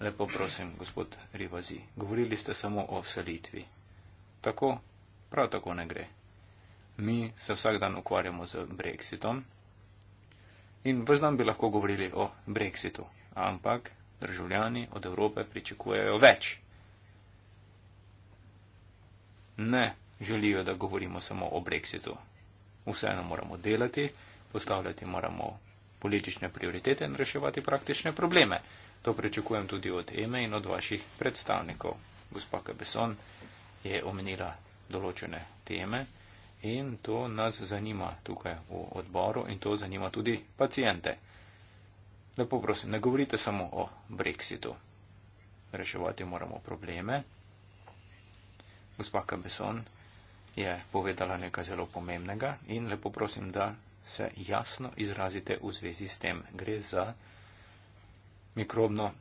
lepo prosim, gospod Rivazi, govorili ste samo o selitvi. Tako, prav tako ne gre. Mi se vsak dan ukvarjamo z Brexitom in vrznam bi lahko govorili o Brexitu, ampak državljani od Evrope pričakujejo več. Ne želijo, da govorimo samo o Brexitu, vseeno moramo delati, postavljati moramo politične prioritete in reševati praktične probleme. To pričakujem tudi od Eme in od vaših predstavnikov. Gospa Kabeson je omenila določene teme in to nas zanima tukaj v odboru in to zanima tudi pacijente. Lepo prosim, ne govorite samo o Brexitu. Reševati moramo probleme. Gospa Kabeson je povedala nekaj zelo pomembnega in lepo prosim, da se jasno izrazite v zvezi s tem. Gre za mikrobno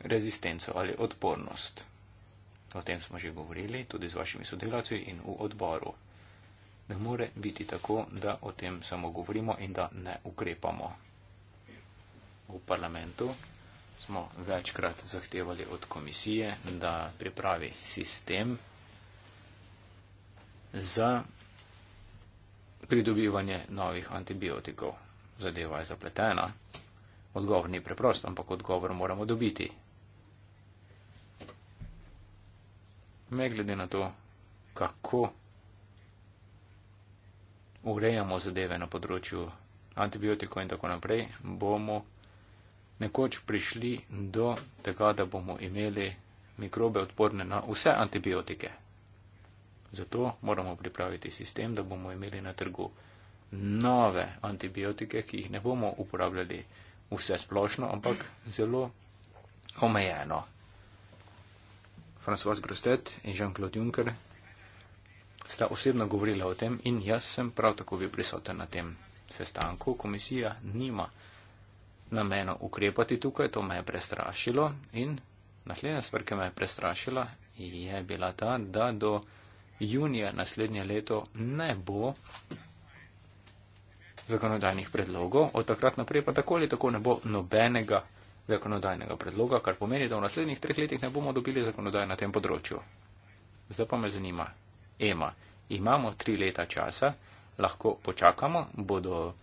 rezistenco ali odpornost. O tem smo že govorili tudi z vašimi sodelavci in v odboru. Ne more biti tako, da o tem samo govorimo in da ne ukrepamo. V parlamentu smo večkrat zahtevali od komisije, da pripravi sistem za pridobivanje novih antibiotikov. Zadeva je zapletena. Odgovor ni preprost, ampak odgovor moramo dobiti. Ne glede na to, kako urejamo zadeve na področju antibiotikov in tako naprej, bomo nekoč prišli do tega, da bomo imeli mikrobe odporne na vse antibiotike. Zato moramo pripraviti sistem, da bomo imeli na trgu nove antibiotike, ki jih ne bomo uporabljali vse splošno, ampak zelo omejeno. François Grostet in Jean-Claude Juncker sta osebno govorila o tem in jaz sem prav tako bil prisoten na tem sestanku. Komisija nima nameno ukrepati tukaj, to me je prestrašilo in naslednja stvar, ki me je prestrašila, je bila ta, da do junija naslednje leto ne bo zakonodajnih predlogov, od takrat naprej pa tako ali tako ne bo nobenega zakonodajnega predloga, kar pomeni, da v naslednjih treh letih ne bomo dobili zakonodaje na tem področju. Zdaj pa me zanima, Ema, imamo tri leta časa, lahko počakamo, bodo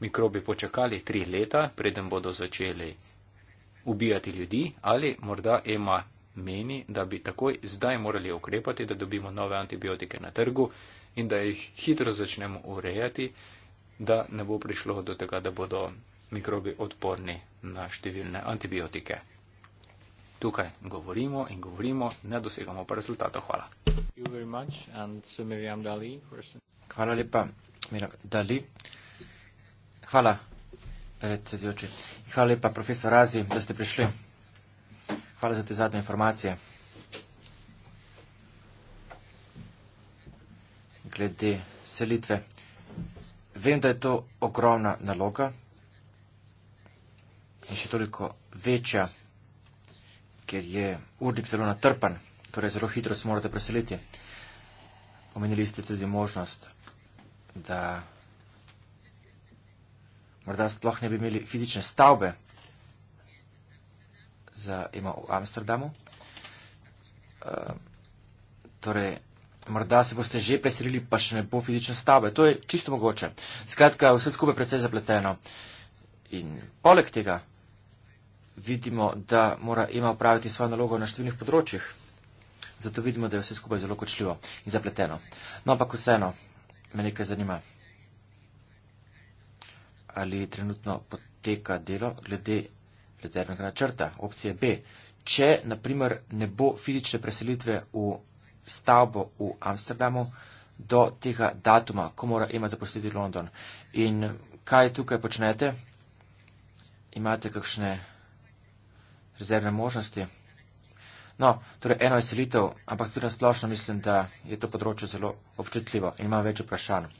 mikrobi počakali tri leta, preden bodo začeli ubijati ljudi, ali morda Ema meni, da bi takoj zdaj morali ukrepati, da dobimo nove antibiotike na trgu in da jih hitro začnemo urejati, da ne bo prišlo do tega, da bodo mikrobi odporni na številne antibiotike. Tukaj govorimo in govorimo, ne dosegamo pa rezultatov. Hvala. Hvala lepa, Miriam Dali. Hvala, predsedujoči. Hvala lepa, profesor Razi, da ste prišli. Hvala za te zadnje informacije. Glede selitve. Vem, da je to ogromna naloga in še toliko večja, ker je urnik zelo natrpan, torej zelo hitro se morate preseliti. Omenili ste tudi možnost, da morda sploh ne bi imeli fizične stavbe, za, ima v Amsterdamu. Uh, torej, morda se boste že preselili, pa še ne bo fizične stavbe. To je čisto mogoče. Skratka, vse skupaj precej zapleteno. In poleg tega vidimo, da mora ima upraviti svojo nalogo na številnih področjih. Zato vidimo, da je vse skupaj zelo kočljivo in zapleteno. No, ampak vseeno, me nekaj zanima. Ali trenutno poteka delo glede rezervnega načrta. Opcija B. Če, naprimer, ne bo fizične preselitve v stavbo v Amsterdamu do tega datuma, ko mora ima zaposliti London. In kaj tukaj počnete? Imate kakšne rezervne možnosti? No, torej eno je selitev, ampak tudi nasplošno mislim, da je to področje zelo občutljivo in imam več vprašanj eh,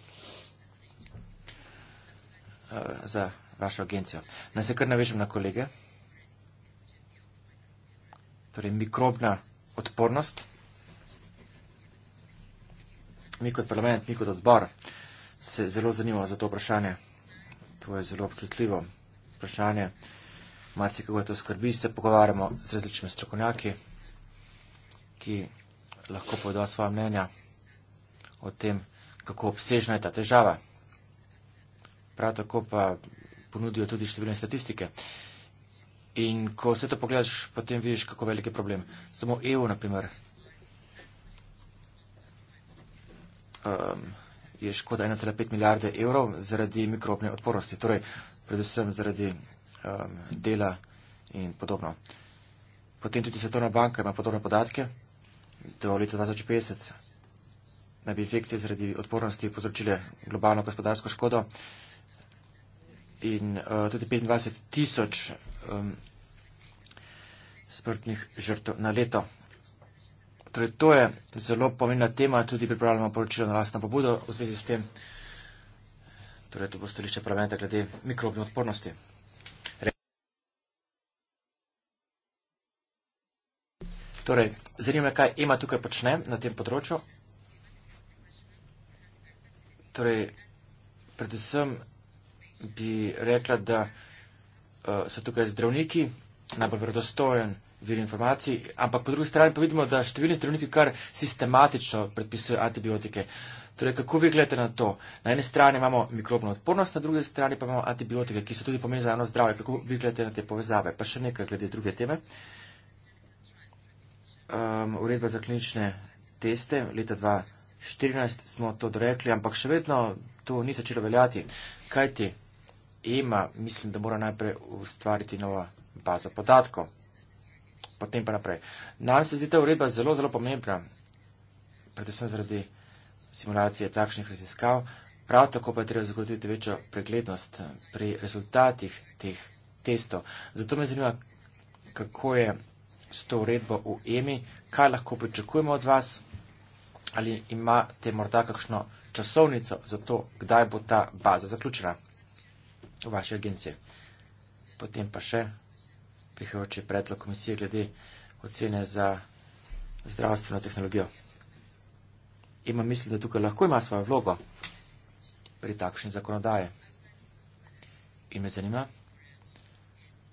za vašo agencijo. Naj se kar navežem na kolege torej mikrobna odpornost. Mi kot parlament, mi kot odbor se zelo zanimamo za to vprašanje. To je zelo občutljivo vprašanje. Marci, kako je to skrbi, se pogovarjamo z različnimi strokovnjaki, ki lahko povedo svoje mnenja o tem, kako obsežna je ta težava. Prav tako pa ponudijo tudi številne statistike. Uh, In ko vse to pogledaš, potem vidiš, kako velike probleme. Samo EU, na primer, um, je škoda 1,5 milijarde evrov zaradi mikrobne odpornosti, torej predvsem zaradi um, dela in podobno. Potem tudi Svetovna banka ima podobne podatke. Do leta 2050 naj bi infekcije zaradi odpornosti povzročile globalno gospodarsko škodo. In uh, tudi 25 tisoč um, smrtnih žrtev na leto. Torej, to je zelo pomembna tema, tudi pripravljamo poročilo na lastno pobudo v zvezi s tem. Torej, to bo stališče parlamenta glede mikrobne odpornosti. Torej, zanima me, kaj ima tukaj počne na tem področju. Torej, predvsem bi rekla, da Eh, so tukaj zdravniki, najbolj verodostojen vir informacij, ampak po drugi strani pa vidimo, da številni zdravniki kar sistematično predpisujejo antibiotike. Torej, kako vi gledate na to? Na eni strani imamo mikrobno odpornost, na drugi strani pa imamo antibiotike, ki so tudi pomeni za eno zdravje. Kako vi gledate na te povezave? Pa še nekaj glede druge teme. Um, uredba za klinične teste leta 2014 smo to dorekli, ampak še vedno to ni začelo veljati. Kaj ti? ima, e mislim, da mora najprej ustvariti novo bazo podatkov. Potem pa naprej. Nam se zdi ta uredba zelo, zelo pomembna, predvsem zaradi simulacije takšnih raziskav, prav tako pa je treba zagotoviti večjo preglednost pri rezultatih teh testov. Zato me zanima, kako je s to uredbo v EMI, kaj lahko pričakujemo od vas, ali imate morda kakšno časovnico za to, kdaj bo ta baza zaključena vaše agencije. Potem pa še prihajajoči predlog komisije glede ocene za zdravstveno tehnologijo. Ima misli, da tukaj lahko ima svojo vlogo pri takšni zakonodaje. In me zanima,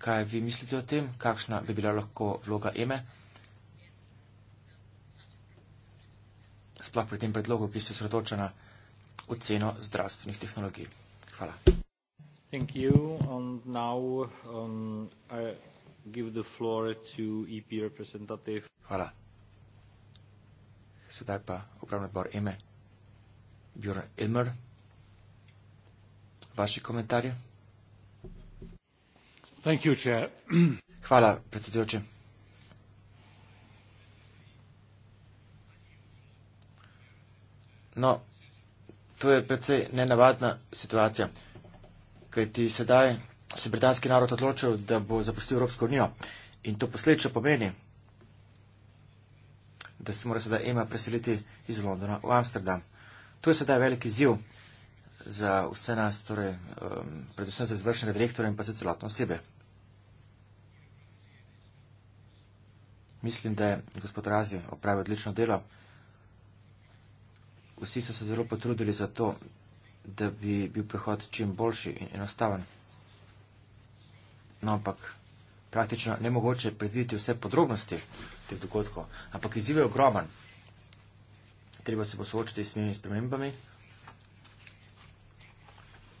kaj vi mislite o tem, kakšna bi bila lahko vloga EME, sploh pri tem predlogu, ki se sredoča na oceno zdravstvenih tehnologij. Hvala. Thank you. Now, um, I give the floor to EP representative. Hvala. Sedaj pa upravni odbor EME. Bjørn Elmer, vaši komentarji. Thank you, Chair. Hvala, predsedujoči. No, to je precej nenavadna situacija kajti sedaj se britanski narod odločil, da bo zapustil Evropsko unijo. In to posledično pomeni, da se mora sedaj EMA preseliti iz Londona v Amsterdam. To je sedaj veliki ziv za vse nas, torej, um, predvsem za izvršnega direktorja in pa za celotno osebe. Mislim, da je gospod Razi opravil odlično delo. Vsi so se zelo potrudili za to, da bi bil prehod čim boljši in enostaven. No, ampak praktično ne mogoče predvideti vse podrobnosti teh dogodkov, ampak izziv je ogroman. Treba se posločiti s njimi spremembami.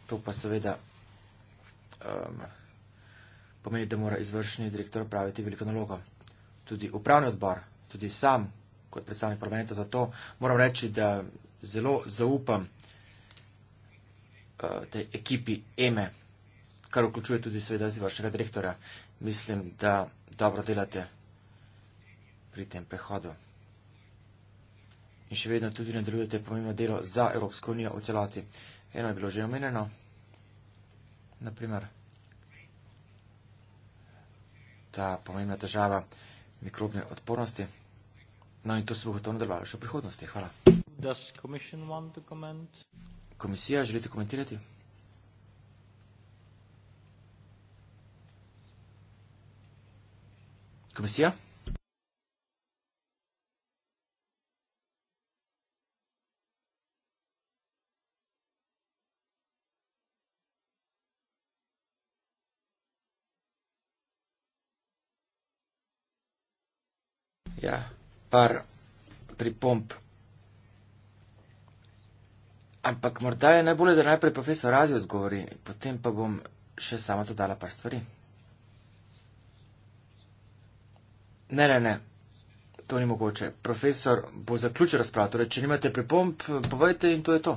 To pa seveda um, pomeni, da mora izvršni direktor praviti veliko nalogo. Tudi upravni odbor, tudi sam kot predstavnik parlamenta za to, moram reči, da zelo zaupam Eh, tej ekipi EME, kar vključuje tudi seveda z vašega direktorja. Mislim, da dobro delate pri tem prehodu. In še vedno tudi nadaljujete pomembno delo za Evropsko unijo v celoti. Eno je bilo že omenjeno, naprimer, ta pomembna težava mikrobne odpornosti. No in to se bo gotovo nadaljevalo še v prihodnosti. Hvala. Does Commission want to comment? komisija, želite komentirati? Komisija? Ja, par pripomp. Ampak morda je najbolje, da najprej profesor Razi odgovori, potem pa bom še sama dodala par stvari. Ne, ne, ne, to ni mogoče. Profesor bo zaključil razpravo, torej, če nimate pripomb, povejte in to je to.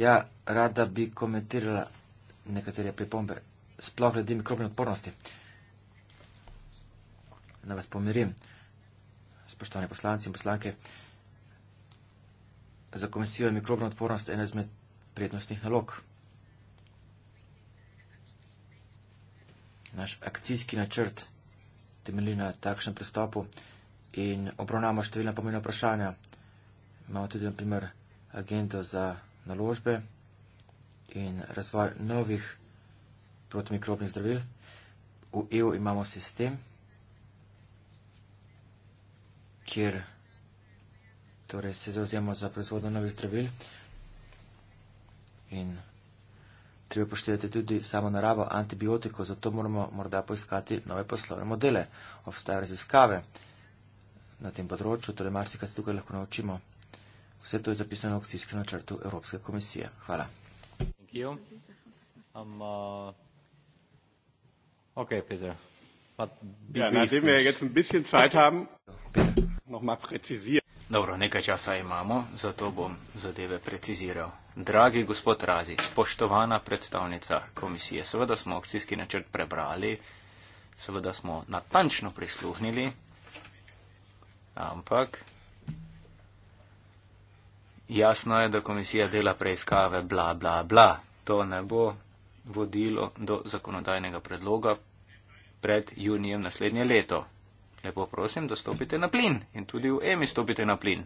Ja, rada bi komentirala nekatere pripombe, sploh glede mikrobne odpornosti. Da vas pomirim, spoštovane poslanci in poslanke za komisijo je mikrobna odpornost ena izmed prednostnih nalog. Naš akcijski načrt temelji na takšnem pristopu in obravnamo številna pomena vprašanja. Imamo tudi, na primer, agendo za naložbe in razvoj novih protimikrobnih zdravil. V EU imamo sistem, kjer torej se zauzemamo za proizvodno novih zdravil in treba poštevati tudi samo naravo antibiotikov, zato moramo morda poiskati nove poslovne modele. Obstajajo raziskave na tem področju, torej marsikaj se tukaj lahko naučimo. Vse to je zapisano v akcijskem načrtu Evropske komisije. Hvala. Um, uh, okay, Peter. Ja, nachdem wir jetzt ein bisschen Zeit haben, nochmal präzisieren. Dobro, nekaj časa imamo, zato bom zadeve preciziral. Dragi gospod Razi, spoštovana predstavnica komisije, seveda smo akcijski načrt prebrali, seveda smo natančno prisluhnili, ampak jasno je, da komisija dela preiskave bla bla bla. To ne bo vodilo do zakonodajnega predloga pred junijem naslednje leto. Lepo prosim, da stopite na plin in tudi v EMI stopite na plin.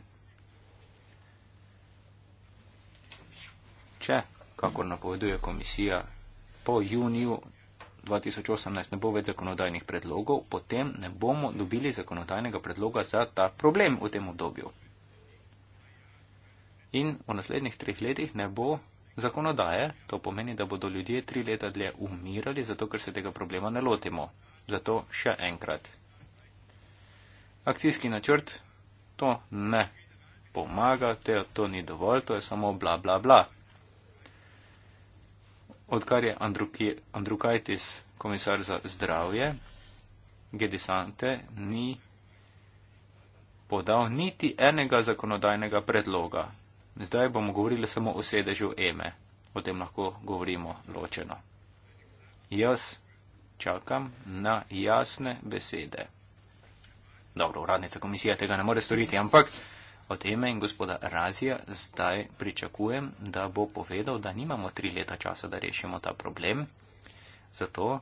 Če, kakor napoveduje komisija, po juniju 2018 ne bo več zakonodajnih predlogov, potem ne bomo dobili zakonodajnega predloga za ta problem v tem obdobju. In v naslednjih treh letih ne bo zakonodaje, to pomeni, da bodo ljudje tri leta dlje umirali, zato ker se tega problema ne lotimo. Zato še enkrat akcijski načrt, to ne pomaga, te, to ni dovolj, to je samo bla bla bla. Odkar je Andrukaitis komisar za zdravje, Gedisante ni podal niti enega zakonodajnega predloga. Zdaj bomo govorili samo o sedežu EME, o tem lahko govorimo ločeno. Jaz čakam na jasne besede dobro, uradnica komisije tega ne more storiti, ampak o teme in gospoda Razija zdaj pričakujem, da bo povedal, da nimamo tri leta časa, da rešimo ta problem. Zato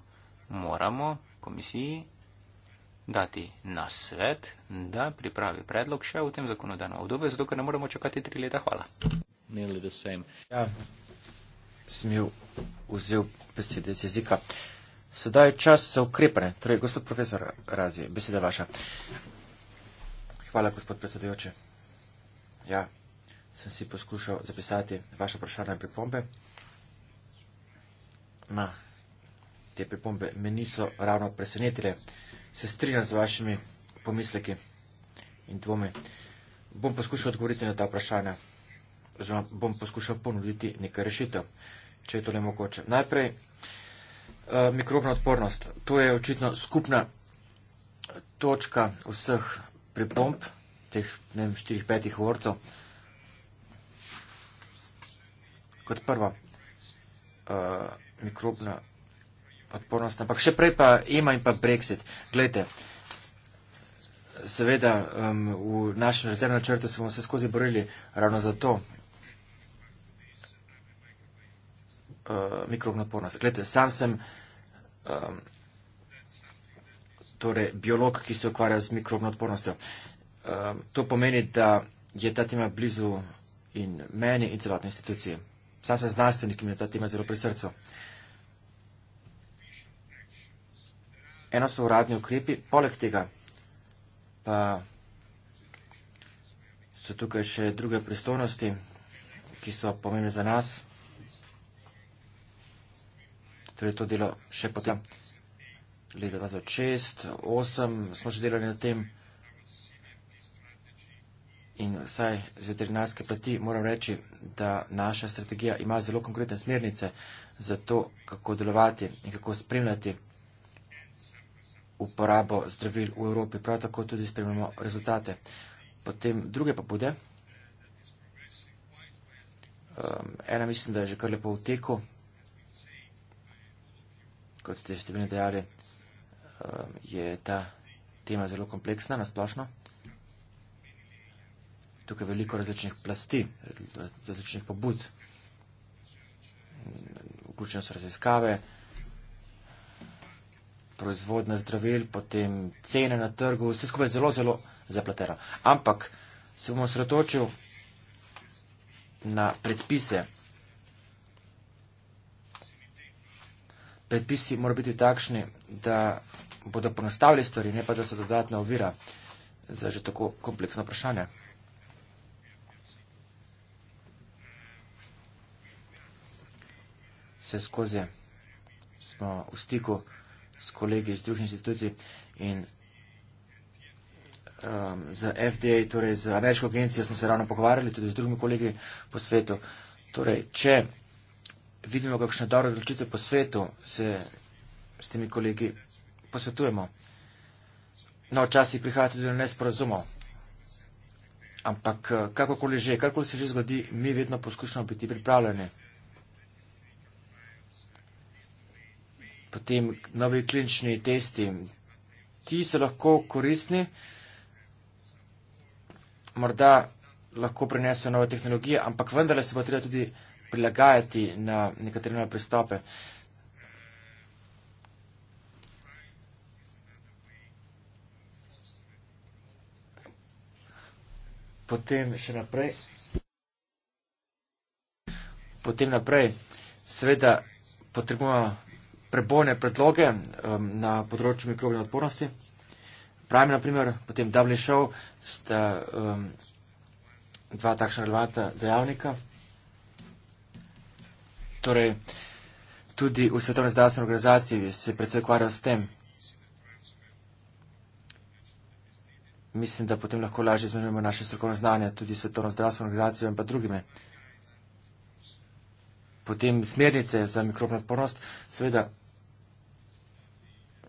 moramo komisiji dati nasvet, da pripravi predlog še v tem zakonodajnem obdobju, zato ker ne moremo čakati tri leta. Hvala. Ja, smil vzel besede iz jezika. Uh, Sedaj je čas za ukrepanje. Torej, gospod profesor Razi, beseda vaša. Hvala, gospod predsedujoče. Ja, sem si poskušal zapisati vaše vprašanje in pripombe. Na, te pripombe me niso ravno presenetile. Se strinjam z vašimi pomisleki in dvomi. Bom poskušal odgovoriti na ta vprašanja. Oziroma, bom poskušal ponuditi nekaj rešitev, če je to ne mogoče. Najprej, Eh, mikrobna odpornost. To je očitno skupna točka vseh pripomb, teh, ne vem, štirih, petih vorcev. Kot prva uh, eh, mikrobna odpornost, ampak še prej pa ima in pa Brexit. Glejte, seveda um, v našem rezervnem načrtu smo se skozi borili ravno za to, Eh, mikrobno odpornost. Glede, sam sem um, torej, biolog, ki se ukvarja z mikrobno odpornostjo. Um, to pomeni, da je ta tema blizu in meni in celotni instituciji. Sam sem znanstvenik in je ta tema zelo pri srcu. Eno so uradni ukrepi, poleg tega pa so tukaj še druge pristojnosti, ki so pomembne za nas torej to delo še potem. Leta 2006, 2008 smo že delali na tem in vsaj z veterinarske plati moram reči, da naša strategija ima zelo konkretne smernice za to, kako delovati in kako spremljati uporabo zdravil v Evropi. Prav tako tudi spremljamo rezultate. Potem druge pa bude. Um, ena mislim, da je že kar lepo v teku kot ste številni dejali, um, je ta tema zelo kompleksna nasplošno. Tukaj je veliko različnih plasti, različnih pobud. Vključene so raziskave, proizvodna zdravil, potem cene na trgu, vse skupaj zelo, zelo zapletena. Ampak se bomo sredotočil na predpise, predpisi morajo biti takšni, da bodo ponostavili stvari, ne pa da so dodatna ovira za že tako kompleksno vprašanje. Vse skozi smo v stiku s kolegi iz drugih institucij in um, z FDA, torej z Ameriško agencijo smo se ravno pogovarjali, tudi z drugimi kolegi po svetu. Torej, če vidimo kakšne dobre odločitve po svetu, se s temi kolegi posvetujemo. No, včasih prihaja tudi do nesporazumov. Ampak eh, kakokoli že, karkoli se že zgodi, mi vedno poskušamo biti pripravljeni. Potem novi klinični testi. Ti so lahko koristni, morda lahko prinesejo nove tehnologije, ampak vendarle se bo treba tudi prilagajati na nekatere nove pristope. Potem še naprej. Potem naprej. Seveda potrebujemo prebojne predloge um, na področju mikrobne odpornosti. Prime, na primer, potem Dublin Show sta um, dva takšna relevanta dejavnika. Torej, tudi v Svetovni zdravstveni organizaciji se predvsej ukvarjajo s tem. Mislim, da potem lahko lažje izmenujemo naše strokovne znanja, tudi Svetovno zdravstveno organizacijo in pa drugime. Potem smernice za mikrobno odpornost. Seveda,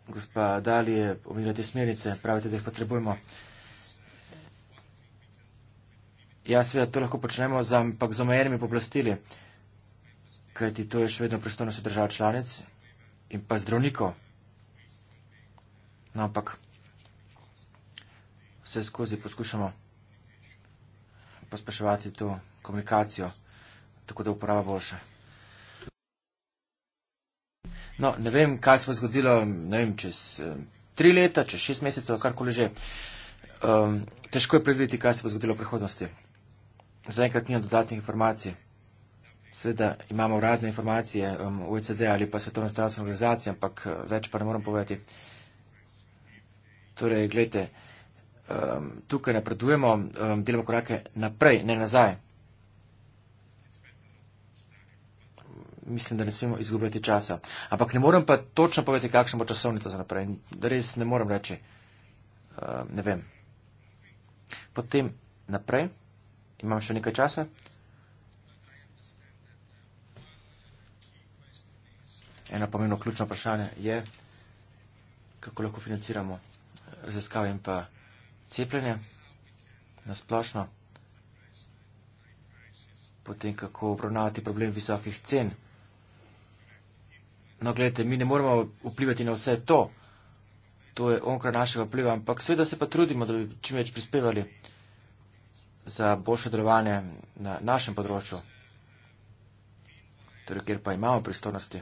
gospa Dali je omenila te smernice, pravite, da jih potrebujemo. Ja, seveda, to lahko počnemo, za, ampak z omejenimi poblastili kajti to je še vedno pristojnost držav članic in pa zdravnikov. No, ampak vse skozi poskušamo pospeševati to komunikacijo, tako da uporaba boljša. No, ne vem, kaj se bo zgodilo, ne vem, čez eh, tri leta, čez šest mesecev, karkoli že. Um, težko je predvideti, kaj se bo zgodilo v prihodnosti. Zaenkrat nimam dodatnih informacij. Sveda imamo uradne informacije um, OECD ali pa Svetovne zdravstvene organizacije, ampak uh, več pa ne moram povedati. Torej, gledajte, um, tukaj napredujemo, um, delamo korake naprej, ne nazaj. Mislim, da ne smemo izgubljati časa. Ampak ne morem pa točno povedati, kakšna bo časovnica za naprej. Res ne morem reči. Um, ne vem. Potem naprej. Imam še nekaj časa. eno pomembno ključno vprašanje je, kako lahko financiramo raziskave in pa cepljenje na splošno, potem kako obravnavati problem visokih cen. No, gledajte, mi ne moremo vplivati na vse to, to je onkraj našega vpliva, ampak seveda se pa trudimo, da bi čim več prispevali za boljše delovanje na našem področju, torej kjer pa imamo pristornosti.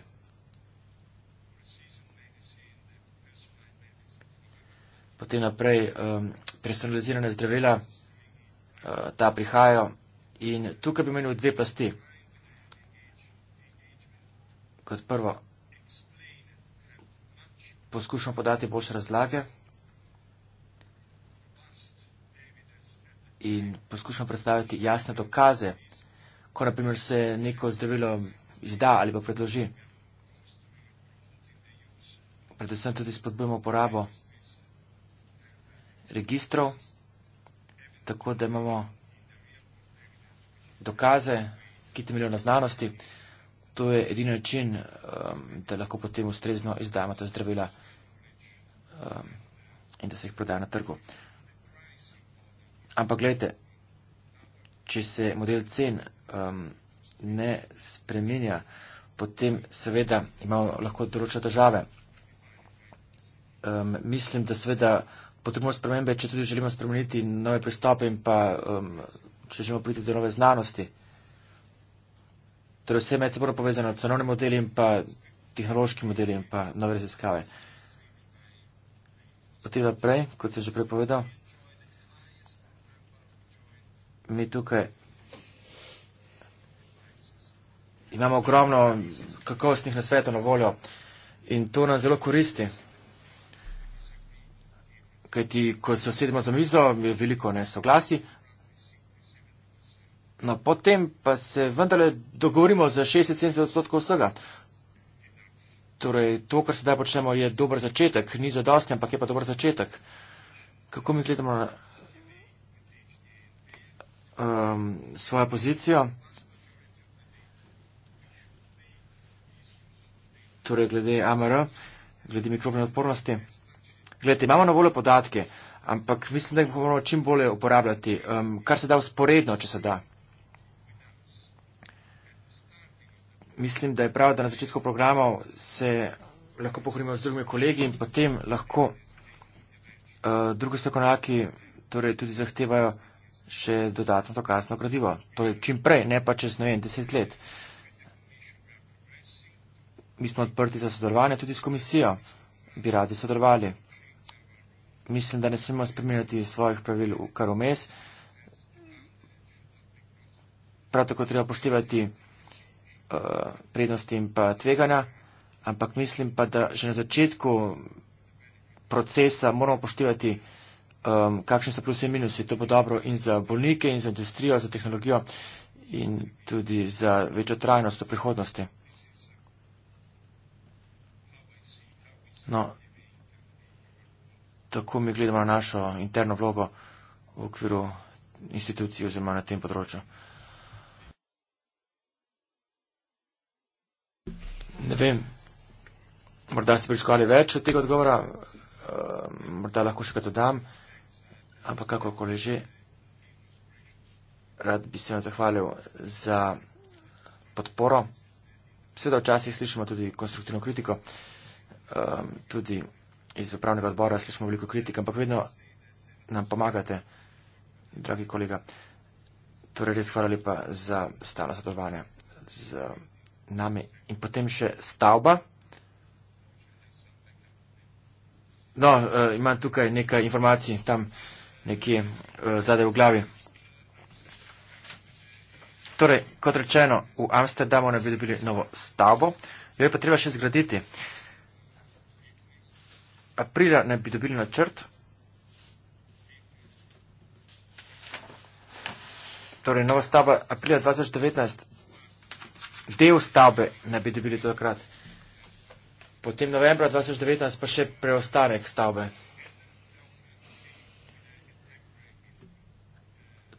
potem naprej um, personalizirane zdravila, uh, ta prihajajo. In tukaj bi menil dve plasti. Kot prvo, poskušam podati boljše razlage in poskušam predstaviti jasne dokaze, ko naprimer se neko zdravilo izda ali pa predloži. Predvsem tudi spodbujamo uporabo registrov, tako da imamo dokaze, ki temeljijo na znanosti. To je edini način, um, da lahko potem ustrezno izdajamo ta zdravila um, in da se jih prodaja na trgu. Ampak gledajte, če se model cen um, ne spreminja, potem seveda imamo lahko določene države. Um, mislim, da seveda potrebujemo spremembe, če tudi želimo spremeniti nove pristope in pa um, če želimo priti do nove znanosti. Torej vse med seboj povezano, cenovni modeli in pa tehnološki modeli in pa nove raziskave. Potem naprej, kot sem že prepovedal, mi tukaj imamo ogromno kakovostnih nasvetov na voljo in to nam zelo koristi kajti ko se sedemo za mizo, je veliko nesoglasi. No, potem pa se vendarle dogovorimo za 60-70 odstotkov vsega. Torej, to, kar sedaj počnemo, je dober začetek, ni zadosti, ampak je pa dober začetek. Kako mi gledamo na um, svojo pozicijo? Torej, glede AMR, glede mikrobne odpornosti. Gledajte, imamo na voljo podatke, ampak mislim, da jih moramo čim bolje uporabljati, um, kar se da usporedno, če se da. Mislim, da je prav, da na začetku programov se lahko pohodimo z drugimi kolegi in potem lahko uh, drugi strokovnjaki torej, tudi zahtevajo še dodatno dokazno gradivo. Torej, čim prej, ne pa čez, ne vem, deset let. Mi smo odprti za sodelovanje tudi s komisijo. Bi radi sodelovali mislim, da ne smemo spremenjati svojih pravil kar vmes. Prav tako treba poštivati uh, eh, prednosti in pa tveganja, ampak mislim pa, da že na začetku procesa moramo poštivati, um, kakšni so plusi in minusi. To bo dobro in za bolnike, in za industrijo, za tehnologijo in tudi za večjo trajnost v prihodnosti. No, tako mi gledamo na našo interno vlogo v okviru institucij oziroma na tem področju. Ne vem, morda ste pričakovali več od tega odgovora, eh, morda lahko še kaj dodam, ampak kakorkoli že, rad bi se vam zahvalil za podporo. Seveda včasih slišimo tudi konstruktivno kritiko, eh, tudi iz upravnega odbora slišimo veliko kritik, ampak vedno nam pomagate, dragi kolega. Torej res hvala lepa za stalo sodelovanje z nami. In potem še stavba. No, uh, imam tukaj nekaj informacij, tam nekje uh, zadaj v glavi. Torej, kot rečeno, v Amsterdamu ne bi dobili novo stavbo, jo je pa treba še zgraditi. Uh, aprila naj bi dobili načrt. Torej, nova stavba aprila 2019, del stavbe naj bi dobili dokrat. Potem novembra 2019 pa še preostanek stavbe.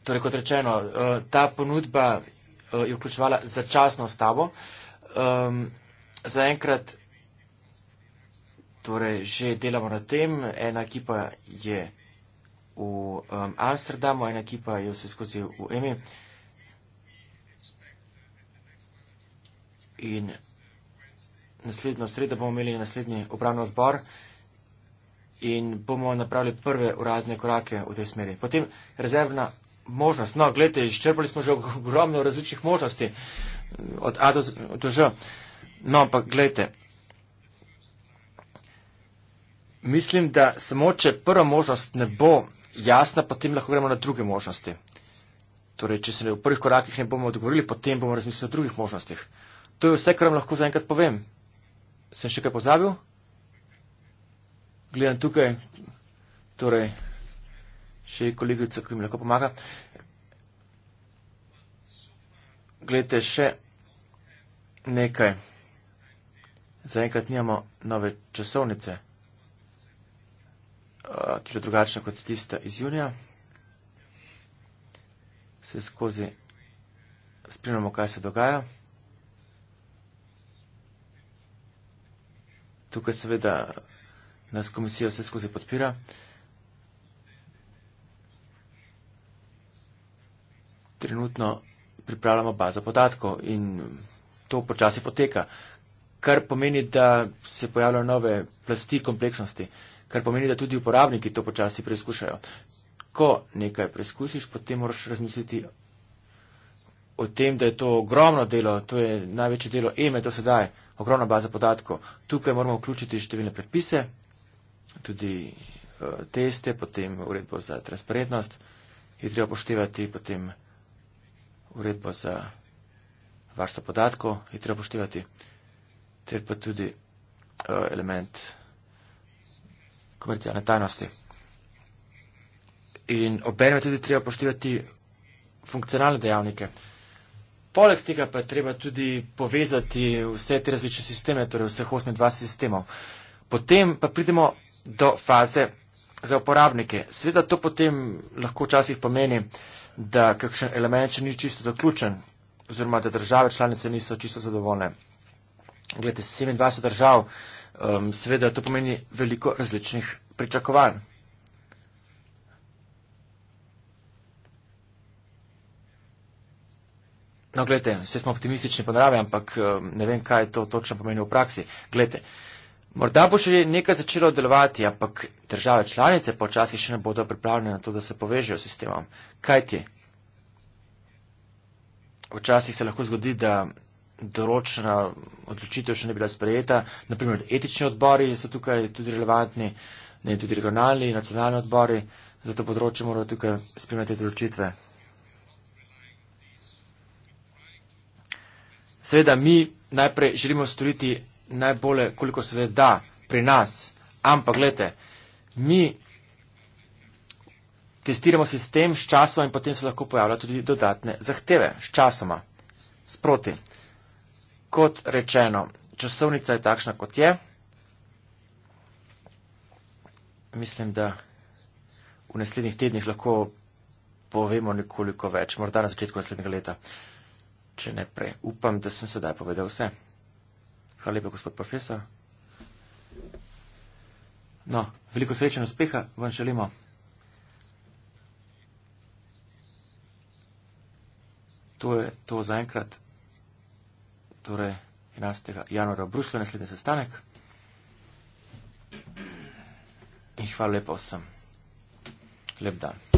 Torej, kot rečeno, eh, ta ponudba eh, je vključevala začasno stavbo. Um, zaenkrat Torej, že delamo na tem, ena ekipa je v um, Amsterdamu, ena ekipa je vse skozi v EMI. In naslednjo sredo bomo imeli naslednji obravno odbor in bomo napravili prve uradne korake v tej smeri. Potem rezervna možnost. No, gledajte, izčrpali smo že ogromno različnih možnosti od A do, do Ž. No, ampak gledajte. Mislim, da samo če prva možnost ne bo jasna, potem lahko gremo na druge možnosti. Torej, če se v prvih korakih ne bomo odgovorili, potem bomo razmislili o drugih možnostih. To je vse, kar vam lahko zaenkrat povem. Sem še kaj pozabil? Gledam tukaj, torej, še je kolegica, ki mi lahko pomaga. Gledajte še nekaj. Zaenkrat nimamo nove časovnice. Eh, ki je drugačna kot tista iz junija. Vse skozi spremljamo, kaj se dogaja. Tukaj seveda nas komisija vse skozi podpira. Trenutno pripravljamo bazo podatkov in to počasi poteka, kar pomeni, da se pojavljajo nove plasti kompleksnosti kar pomeni, da tudi uporabniki to počasi preizkušajo. Ko nekaj preizkusiš, potem moraš razmisliti o tem, da je to ogromno delo, to je največje delo EME do sedaj, ogromna baza podatkov. Tukaj moramo vključiti številne predpise, tudi eh, teste, potem uredbo za transparentnost, je treba poštevati, potem uredbo za varstvo podatkov, je treba poštevati, ter pa tudi eh, element komercialne tajnosti. In obenem je tudi treba poštivati funkcionalne dejavnike. Poleg tega pa je treba tudi povezati vse te različne sisteme, torej vseh 28 sistemov. Potem pa pridemo do faze za uporabnike. Sveda to potem lahko včasih pomeni, da kakšen element še ni čisto zaključen oziroma da države članice niso čisto zadovoljne. Glede, 27 držav um, seveda to pomeni veliko različnih pričakovanj. No, gledajte, vse smo optimistični po naravi, ampak um, ne vem, kaj to točno pomeni v praksi. Gledajte, morda bo še nekaj začelo delovati, ampak države članice počasi še ne bodo pripravljene na to, da se povežejo s sistemom. Kaj ti? Včasih se lahko zgodi, da določena odločitev še ne bila sprejeta. Naprimer, etični odbori so tukaj tudi relevantni, ne tudi regionalni, nacionalni odbori, zato področje morajo tukaj spremljati odločitve. Seveda mi najprej želimo storiti najbolje, koliko se le da pri nas, ampak gledajte, mi testiramo sistem s časom in potem se lahko pojavljajo tudi dodatne zahteve s časoma, sproti kot rečeno, časovnica je takšna, kot je. Mislim, da v naslednjih tednih lahko povemo nekoliko več, morda na začetku naslednjega leta, če ne prej. Upam, da sem sedaj povedal vse. Hvala lepa, gospod profesor. No, veliko sreče in uspeha vam želimo. To je to zaenkrat torej 11. januarja v Bruslju, naslednji sestanek. In hvala lepa vsem. Lep dan.